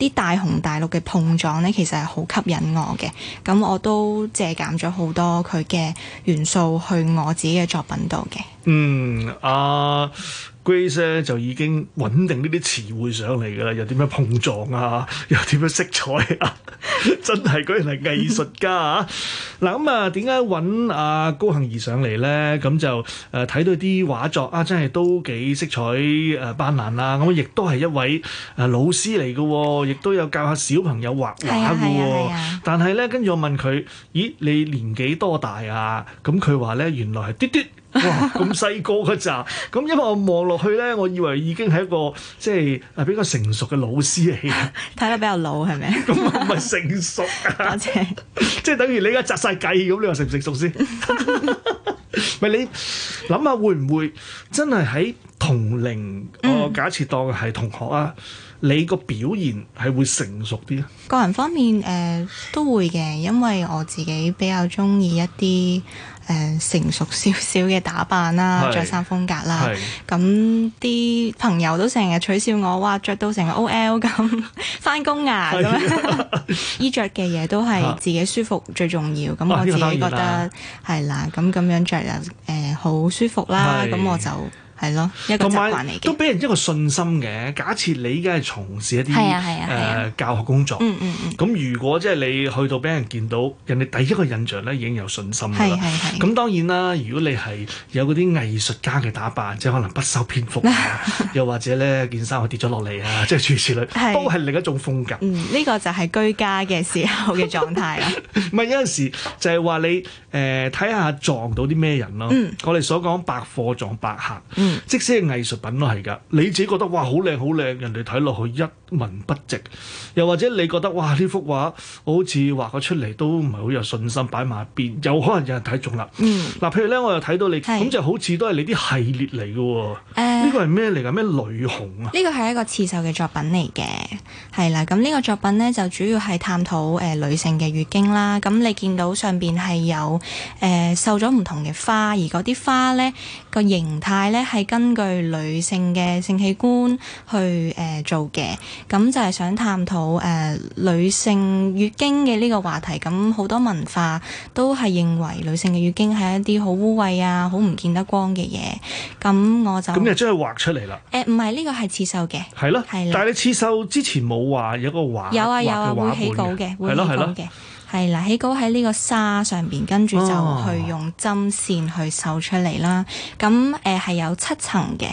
啲大紅大綠嘅碰撞咧，其實係好吸引我嘅。咁我都借鑒咗好多佢嘅元素去我自己嘅作品度嘅。嗯，阿、啊、Grace 咧就已經搵定呢啲詞彙上嚟噶啦，又點樣碰撞啊？又點樣色彩啊？ 真係果然係藝術家啊！嗱咁啊，點解揾阿高杏兒上嚟咧？咁就誒睇到啲畫作啊，真係都幾色彩誒斑斕啊！咁亦都係一位誒老師嚟嘅、啊。亦都有教下小朋友畫畫嘅喎，哎、呀但係咧，跟住我問佢：咦，你年紀多大啊？咁佢話咧，原來係啲啲，哇，咁細個嘅咋？咁因為我望落去咧，我以為已經係一個即係比較成熟嘅老師嚟，睇得比較老係咪？咁啊，唔係成熟啊， 謝謝 即係等於你而家窒晒計咁，你話成唔成熟先？咪 你諗下會唔會真係喺同齡？我、哦、假設當係同學啊。嗯你個表現係會成熟啲咧？個人方面誒、呃、都會嘅，因為我自己比較鍾意一啲誒、呃、成熟少少嘅打扮啦、着衫是風格啦。咁啲是朋友都成日取笑我，哇！着到成個 OL 咁，返工啊咁。衣着嘅嘢都係自己舒服最重要。咁、啊、我自己覺得係、啊、啦，咁咁樣着又誒好舒服啦。咁是是我就。係咯，同埋都俾人一個信心嘅。假設你而家係從事一啲誒、啊啊啊呃、教學工作，咁、嗯嗯、如果即係你去到俾人見到，人哋第一個印象咧已經有信心啦。咁當然啦，如果你係有嗰啲藝術家嘅打扮，即係可能不修邊幅啊，又或者咧件衫我跌咗落嚟啊，即係處處女，都係另一種風格。呢、嗯呢個就係居家嘅時候嘅狀態啦、啊。唔 係有陣時就係話你誒睇下撞到啲咩人咯。嗯、我哋所講百貨撞百客。即使係藝術品都係噶你自己覺得哇好靚好靚，人哋睇落去一文不值。又或者你覺得哇呢幅畫我好似畫咗出嚟都唔係好有信心擺埋一邊，有可能有人睇中啦。嗱，嗯、譬如咧，我又睇到你咁是 就好似都係你啲系列嚟嘅。呢個係咩嚟噶？咩女紅啊？呢個係一個刺繡嘅作品嚟嘅，係啦。咁呢個作品咧就主要係探討誒、呃、女性嘅月經啦。咁你見到上邊係有誒繡咗唔同嘅花，而嗰啲花咧。個形態咧係根據女性嘅性器官去誒做嘅，咁就係想探討誒、呃、女性月經嘅呢個話題。咁好多文化都係認為女性嘅月經係一啲好污穢啊、好唔見得光嘅嘢。咁我就咁就將佢畫出嚟啦。誒、呃，唔係呢個係刺繡嘅，係咯，係咯。但係你刺繡之前冇話有畫，有個畫？有啊有啊，畫畫會起稿嘅，會起稿嘅。係啦，起稿喺呢個沙上邊，跟住就去用針線去繡出嚟啦。咁誒係有七層嘅。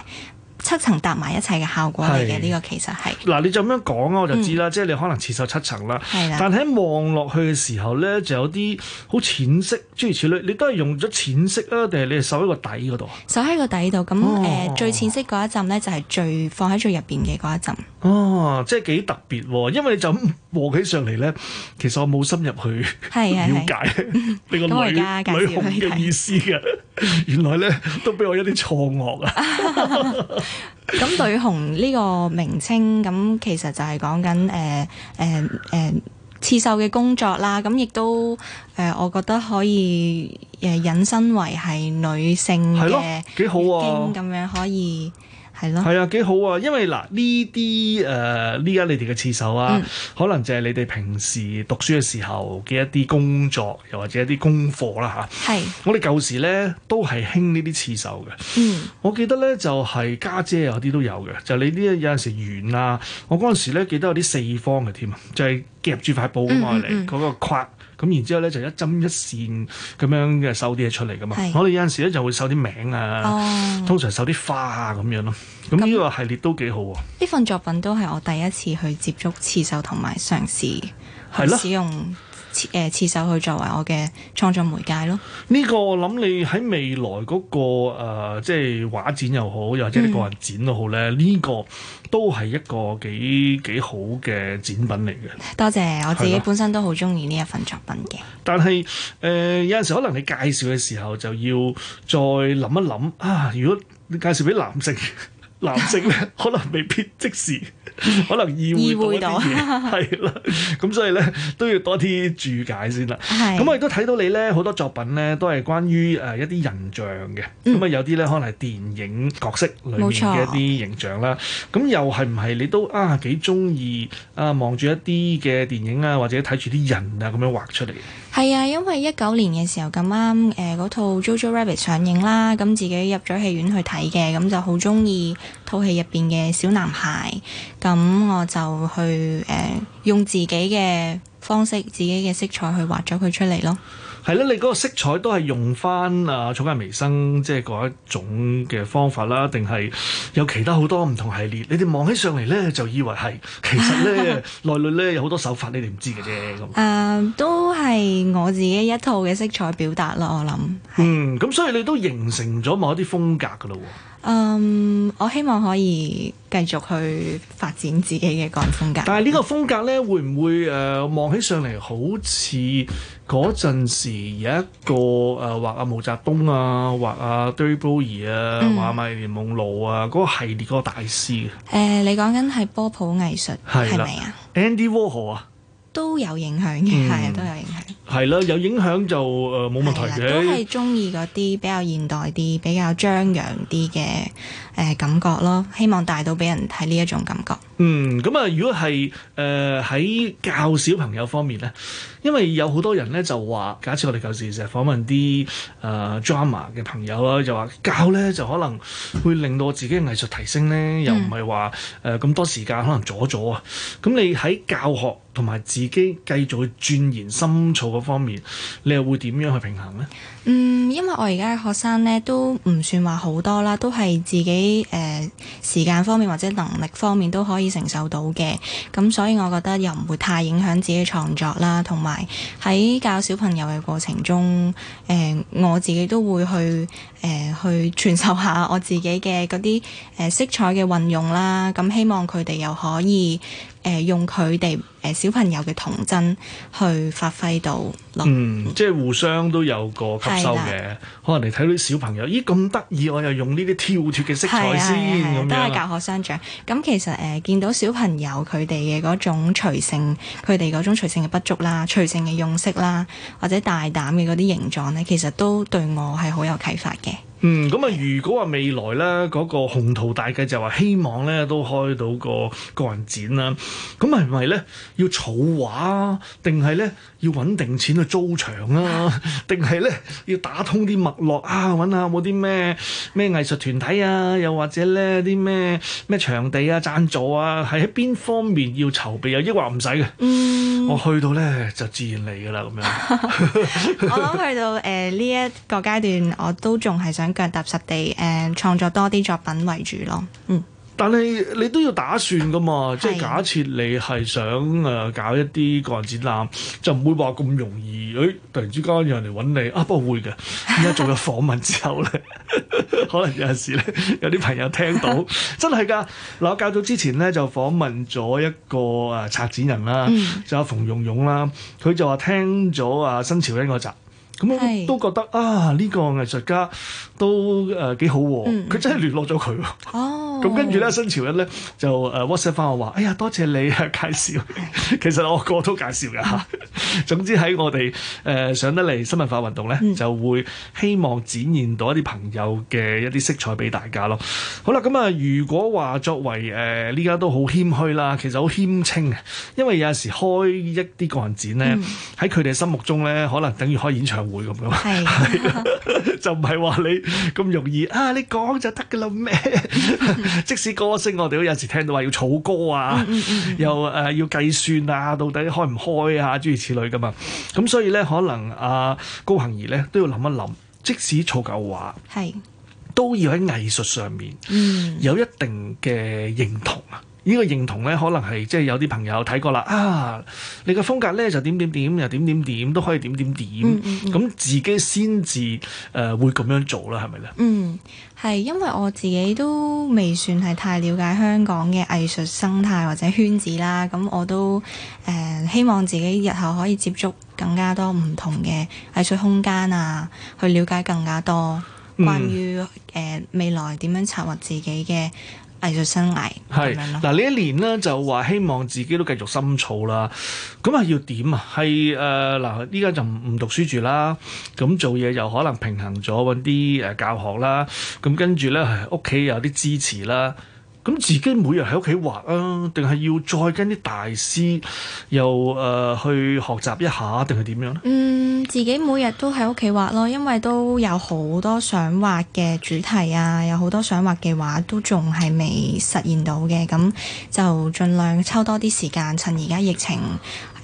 七層搭埋一齊嘅效果嚟嘅。呢個其實係嗱，你就咁樣講啊，我就知啦。嗯、即係你可能刺繡七層啦，的但係望落去嘅時候咧，就有啲好淺色，諸如此類。你都係用咗淺色啊，定係你係繡喺個底嗰度啊？繡喺個底度，咁誒、哦呃，最淺色嗰一浸咧，就係最放喺最入邊嘅嗰一浸。哦，即係幾特別，因為你就咁望起上嚟咧，其實我冇深入去了解呢的個女 我女紅嘅意思嘅， 原來咧都俾我一啲錯愕啊！ 咁女 紅呢個名稱咁，其實就係講緊誒誒誒刺繡嘅工作啦。咁亦都誒、呃，我覺得可以誒、呃、引申為係女性嘅，幾好啊，經咁樣可以。係咯，係啊，幾好啊！因為嗱呢啲誒呢家你哋嘅刺繡啊，嗯、可能就係你哋平時讀書嘅時候嘅一啲工作，又或者一啲功課啦吓，係是，我哋舊時咧都係興呢啲刺繡嘅。嗯，我記得咧就係、是、家姐，姐有啲都有嘅，就你呢，有陣時圓啊。我嗰陣時咧記得有啲四方嘅添啊，就係、是、夾住塊布咁嚟，嗰、嗯嗯嗯、個框。咁然之後咧就一針一線咁樣嘅繡啲嘢出嚟噶嘛，是我哋有陣時咧就會繡啲名啊，哦、通常繡啲花啊咁樣咯。咁呢、嗯、個系列都幾好喎。呢份作品都係我第一次去接觸刺繡同埋嘗試使用。誒，刺、呃、繡去作為我嘅創作媒介咯。呢個我諗，你喺未來嗰、那個、呃、即係畫展又好，又或者你個人展都好咧，呢、嗯、個都係一個幾幾好嘅展品嚟嘅。多謝，我自己本身都好中意呢一份作品嘅。但係誒、呃，有陣時可能你介紹嘅時候就要再諗一諗啊。如果你介紹俾男性。 藍色咧，可能未必即時，可能意會到啲嘢，係啦，咁所以咧都要多啲注解先啦。係的，咁我亦都睇到你咧，好多作品咧都係關於誒一啲人像嘅。咁啊、嗯、有啲咧可能係電影角色裏面嘅一啲形象啦。咁錯又係唔係你都啊幾中意啊望住一啲嘅電影啊或者睇住啲人啊咁樣畫出嚟？係啊，因為一九年嘅時候咁啱，誒嗰套《Jojo Rabbit》上映啦，咁自己入咗戲院去睇嘅，咁就好中意套戲入邊嘅小男孩，咁我就去誒、呃、用自己嘅方式、自己嘅色彩去畫咗佢出嚟咯。係咧，你嗰個色彩都係用翻啊，草間彌生即係嗰一種嘅方法啦，定係有其他好多唔同系列？你哋望起上嚟咧，就以為係，其實咧，內裏咧有好多手法，你哋唔知嘅啫咁。誒，都係我自己一套嘅色彩表達咯。我諗。嗯，咁、嗯嗯、所以你都形成咗某一啲風格噶咯。嗯，我希望可以繼續去發展自己嘅個人風格。但係呢個風格咧，會唔會誒望、呃、起上嚟好似嗰陣時有一個誒畫阿毛澤東啊，畫阿 David Bowie 啊，畫埋瑪麗蓮夢露啊嗰、那個系列嗰個大師？誒、呃，你講緊係波普藝術係咪啊？Andy Warhol 啊！都有影響嘅，係、嗯啊、都有影響。係啦、啊，有影響就誒冇、呃、問題嘅、啊。都係中意嗰啲比較現代啲、比較張揚啲嘅。誒、呃、感覺咯，希望帶到俾人睇呢一種感覺。嗯，咁啊，如果係誒喺教小朋友方面咧，因為有好多人咧就話，假設我哋舊時成日訪問啲誒 drama 嘅朋友啦，就話教咧就可能會令到我自己嘅藝術提升咧，又唔係話誒咁多時間可能阻阻啊。咁你喺教學同埋自己繼續去鑽研深造嗰方面，你又會點樣去平衡咧？嗯，因為我而家嘅學生咧都唔算話好多啦，都係自己。啲誒、呃、時間方面或者能力方面都可以承受到嘅，咁、嗯、所以我覺得又唔會太影響自己嘅創作啦，同埋喺教小朋友嘅過程中，誒、呃、我自己都會去誒、呃、去傳授下我自己嘅嗰啲誒色彩嘅運用啦，咁、嗯、希望佢哋又可以。誒、呃、用佢哋誒小朋友嘅童真去發揮到咯，嗯，即係互相都有個吸收嘅。可能的你睇到小朋友，咦咁得意，我又用呢啲跳脫嘅色彩的先的樣都係教學相長。咁其實誒、呃、見到小朋友佢哋嘅嗰種隨性，佢哋嗰種隨性嘅不足啦，隨性嘅用色啦，或者大膽嘅嗰啲形狀咧，其實都對我係好有啟發嘅。嗯，咁啊，如果話未來咧，嗰個宏圖大計就話希望咧都開到個個人展啦，咁係唔係咧要儲畫，定係咧要揾定錢去租場啊？定係咧要打通啲脈絡啊？揾下有冇啲咩咩藝術團體啊？又或者咧啲咩咩場地啊、贊助啊，係喺邊方面要籌備啊抑或唔使嘅？嗯，我去到咧就自然嚟㗎啦，咁樣。 我諗去到誒呢一個階段，我都仲係想。腳踏實地誒，創作多啲作品為主咯。嗯，但係你都要打算噶嘛，的即係假設你係想誒搞一啲個人展覽，就唔會話咁容易。誒、哎，突然之間有人嚟揾你啊，不過會嘅。而家做咗訪問之後咧， 可能有陣時咧，有啲朋友聽到真係噶。嗱，我較早之前咧就訪問咗一個誒策展人啦，嗯、就阿馮蓉蓉啦，佢就話聽咗阿新潮英嗰集，咁樣都覺得的啊，呢、這個藝術家。都誒幾、呃、好喎、啊！佢、嗯、真係聯絡咗佢喎。哦。咁跟住咧，新潮人咧就誒 WhatsApp 翻我話：哎呀，多謝你係介紹。其實我個都介紹嘅嚇。嗯、 總之喺我哋誒、呃、上得嚟新文化運動咧，嗯、就會希望展現到一啲朋友嘅一啲色彩俾大家咯。好啦，咁啊，如果話作為誒呢家都好謙虛啦，其實好謙稱啊，因為有時開一啲個人展咧，喺佢哋心目中咧，可能等於開演唱會咁樣，係的 就唔係話你。咁容易啊！你講就得噶啦咩？ 即使歌星，我哋都有時聽到話要草歌啊， 又誒、呃、要計算啊，到底開唔開啊，諸如此類噶嘛。咁所以咧，可能阿、呃、高杏兒咧都要諗一諗，即使草舊話，係是都要喺藝術上面，嗯，有一定嘅認同啊。呢個認同呢，可能係即係有啲朋友睇過啦。啊，你嘅風格呢，就點點點，又點點點，都可以點點點。咁、嗯嗯嗯、自己先至誒會咁樣做啦，係咪呢？嗯，係因為我自己都未算係太了解香港嘅藝術生態或者圈子啦。咁我都誒、呃、希望自己日後可以接觸更加多唔同嘅藝術空間啊，去了解更加多關於誒、嗯呃、未來點樣策劃自己嘅。藝術生涯係。嗱，呢一年咧，就話希望自己都繼續深造啦，咁係要點啊？係，誒嗱，依、呃、家就唔唔讀書住啦，咁做嘢又可能平衡咗搵啲誒教學啦，咁跟住咧，屋企有啲支持啦。咁自己每日喺屋企畫啊，定係要再跟啲大師又誒、呃、去學習一下，定係點樣咧？嗯，自己每日都喺屋企畫咯，因為都有好多想畫嘅主題啊，有好多想畫嘅畫都仲係未實現到嘅，咁就盡量抽多啲時間，趁而家疫情。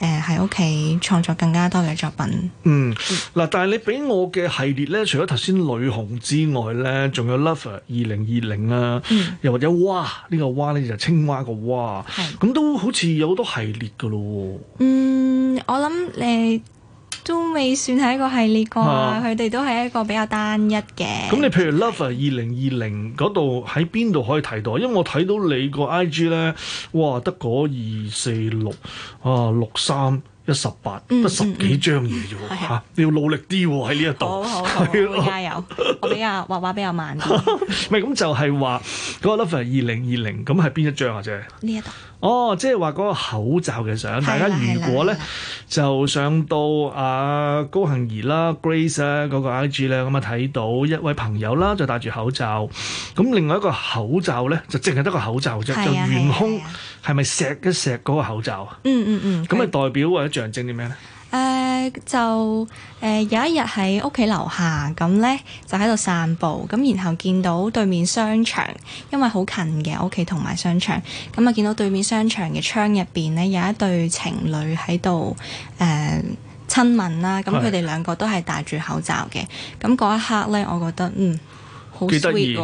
誒，喺屋企創作更加多嘅作品。嗯，嗱，但係你俾我嘅系列咧，除咗頭先女紅之外咧，仲有 Lover 二零二零啊，嗯、又或者哇，呢、呢個哇咧就係、青蛙個哇，咁、嗯、都好似有好多系列噶咯。嗯，我諗你。都未算係一個系列啩，佢哋、啊、都係一個比較單一嘅。咁你譬如 Lover 二零二零嗰度喺邊度可以睇到？因為我睇到你個 IG 咧，哇，得嗰二四六啊，六三。6, 一十八，得十幾張嘢啫喎，你要努力啲喎，喺呢一度，好好加油！我比阿畫畫比較慢啲。唔係咁就係話嗰個 lover 二零二零，咁係邊一張啊？啫呢一度哦，即係話嗰個口罩嘅相，大家如果咧就上到阿高杏兒啦、Grace 咧嗰個 IG 咧咁啊，睇到一位朋友啦就戴住口罩，咁另外一個口罩咧就淨係得個口罩啫，就圓空。係咪錫一錫嗰個口罩啊、嗯？嗯嗯嗯。咁咪代表或者象徵啲咩咧？誒、呃、就誒、呃、有一日喺屋企樓下咁咧，就喺度散步咁，然後見到對面商場，因為好近嘅屋企同埋商場，咁啊見到對面商場嘅窗入邊咧有一對情侶喺度誒親吻啦，咁佢哋兩個都係戴住口罩嘅，咁嗰的一刻咧，我覺得嗯。幾得意，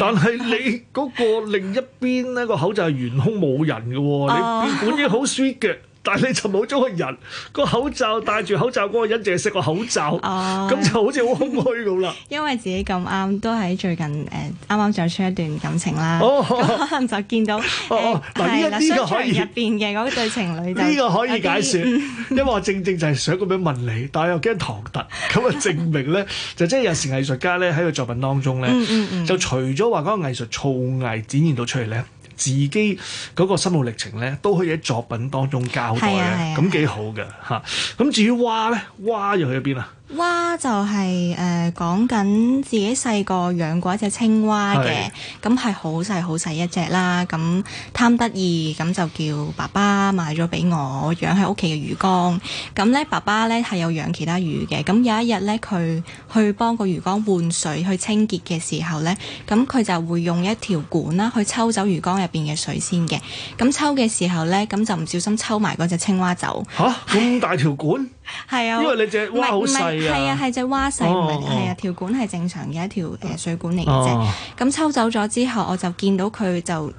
但係你嗰個另一邊咧 個口罩係懸空冇人嘅喎， 你本應好 sweet 嘅。但係你就冇咗個人，個口罩戴住口罩嗰個人，淨係食個口罩，咁就好似好空虛咁啦。因為自己咁啱都喺最近誒啱啱走出一段感情啦，咁可能就見到呢，係可以入邊嘅嗰對情侶呢個可以解説，嗯、因為我正正就係想咁樣問你，但係又驚唐突，咁啊證明咧就即係有時藝術家咧喺個作品當中咧，嗯嗯嗯、就除咗話嗰個藝術造詣展現到出嚟咧。自己嗰個生活歷程咧，都可以喺作品當中交代咧，咁幾好嘅吓。咁、嗯、至於蛙咧，蛙又去咗邊啊？蛙就係誒講緊自己細個養過一隻青蛙嘅，咁係好細好細一隻啦。咁貪得意，咁就叫爸爸買咗俾我，養喺屋企嘅魚缸。咁咧，爸爸咧係有養其他魚嘅。咁有一日咧，佢去幫個魚缸換水去清潔嘅時候咧，咁佢就會用一條管啦，去抽走魚缸入邊嘅水先嘅。咁抽嘅時候咧，咁就唔小心抽埋嗰隻青蛙走。吓、啊，咁大條管？係啊，因為你隻蛙細啊，係啊，隻蛙細唔係，係啊，條管係正常嘅一條誒水管嚟嘅啫。咁抽走咗之後，我就見到佢就誒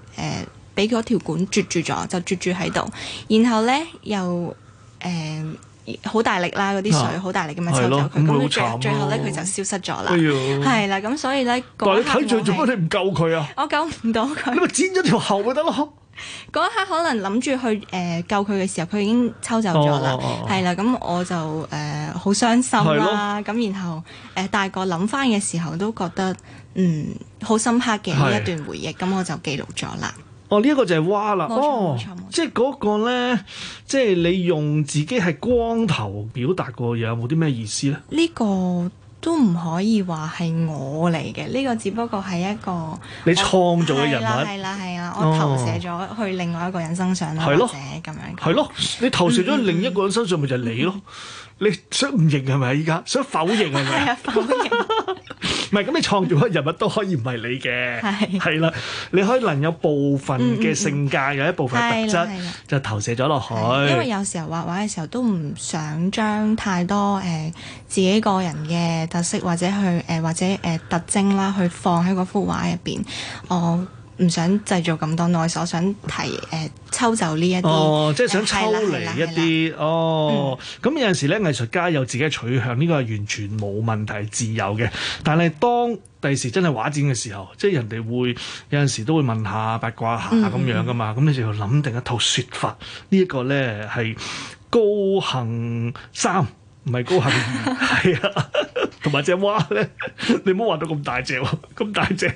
俾嗰條管啜住咗，就啜住喺度。然後咧又誒好大力啦，嗰啲水好大力咁樣抽走佢，咁最最後咧佢就消失咗啦。係啦，咁所以咧睇住做乜？你唔救佢啊，我救唔到佢，你咪剪咗條喉咪得囉。嗰一刻可能諗住去誒、呃、救佢嘅時候，佢已經抽走咗啦，係啦、哦，咁我就誒好傷心啦，咁然後誒、呃、大個諗翻嘅時候都覺得嗯好深刻嘅一段回憶，咁我就記錄咗啦。哦，呢一個就係蛙啦，冇錯，哦，冇錯，即係嗰個咧，即係你用自己係光頭表達過嘢，有冇啲咩意思咧？呢個。都唔可以話係我嚟嘅，呢、這個只不過係一個你創造嘅人物。係啦，係啦，係啊！哦、我投射咗去另外一個人身上啦，咯或者咁樣。係咯，樣咯，你投射咗另一個人身上，咪、嗯、就係你咯。你想唔認係咪？依家想否認係咪？係啊，否認。 唔係，咁你創造嘅人物都可以唔係你嘅，係係啦，你可能有部分嘅性格、嗯嗯、有一部分嘅特質，就投射咗落去。因為有時候畫畫嘅時候都唔想將太多誒、呃、自己個人嘅特色或者去誒、呃、或者誒、呃、特徵啦，去放喺嗰幅畫入邊。我。唔想製造咁多內所，想提誒、呃、抽走呢一啲，哦，即係想抽離一啲， 哦。咁有陣時咧，藝術家有自己取向，呢、這個係完全冇問題，自由嘅。但係當第時真係畫展嘅時候，即係人哋會有陣時都會問下八卦下咁樣噶嘛，咁 你就要諗定一套説法，這個、呢一個咧係高行三。唔係高行，係 啊，同埋隻蛙咧，你唔好話到咁大隻，咁大隻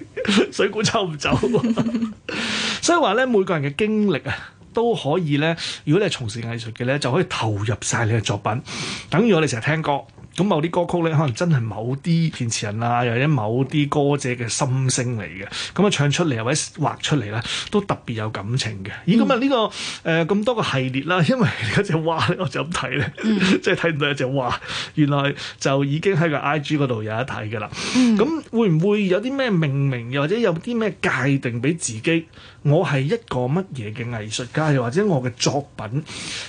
水管抽唔走，走、啊。 所以話咧，每個人嘅經歷啊，都可以咧，如果你係從事藝術嘅咧，就可以投入晒你嘅作品。等於我哋成日聽歌。咁某啲歌曲咧，可能真係某啲填詞人啊，又或者某啲歌者嘅心聲嚟嘅，咁啊唱出嚟又或者畫出嚟咧，都特別有感情嘅。咦、嗯？咁啊呢個誒咁、呃、多個系列啦，因為嗰隻畫咧，我就咁睇咧，即係睇唔到一隻畫，原來就已經喺個 I G 嗰度有得睇㗎啦。咁、嗯、會唔會有啲咩命名，又或者有啲咩界定俾自己？我係一個乜嘢嘅藝術家，又或者我嘅作品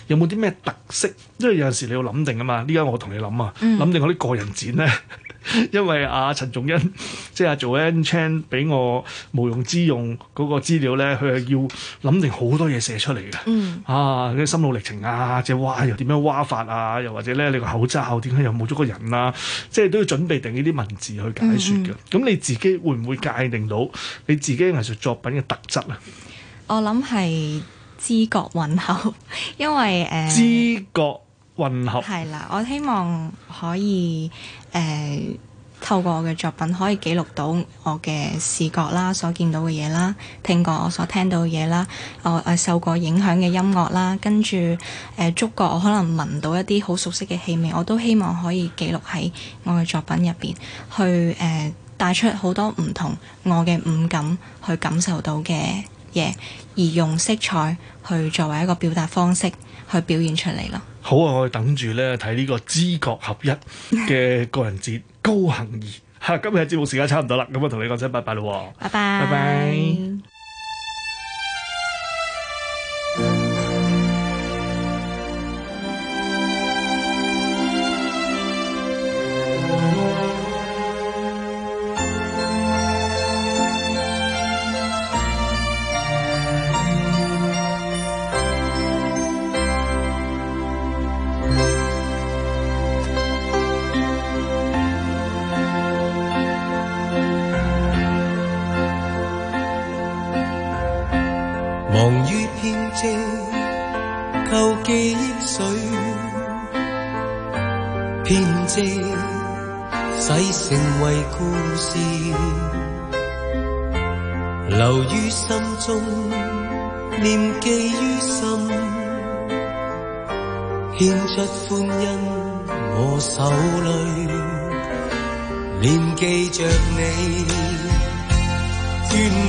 有冇啲咩特色？因為有陣時你要諗定㗎嘛，呢家我同你諗啊。嗯諗定我啲個人展咧， 因為阿陳仲恩即係阿 Joanne Chan 俾我無用之用嗰個資料咧，佢係要諗定好多嘢寫出嚟嘅。嗯。啊，佢啲心路歷程啊，即係蛙又點樣挖法啊，又或者咧，你個口罩點解又冇咗個人啊，即係都要準備定呢啲文字去解説嘅。咁、嗯嗯、你自己會唔會界定到你自己藝術作品嘅特質啊？我諗係知覺混合，因為誒。呃、知覺。混合係啦，我希望可以誒、呃、透過我嘅作品，可以記錄到我嘅視覺啦、所見到嘅嘢啦、聽過我所聽到嘅嘢啦、我誒受過影響嘅音樂啦，跟住誒、呃、觸覺，我可能聞到一啲好熟悉嘅氣味，我都希望可以記錄喺我嘅作品入邊，去誒、呃、帶出好多唔同我嘅五感去感受到嘅嘢，而用色彩去作為一個表達方式。佢表現出嚟咯，好啊！我哋等住咧睇呢個知覺合一嘅個人節 高杏兒嚇、啊，今日節目時間差唔多啦，咁我同你講聲拜拜咯。拜拜 bye，拜拜。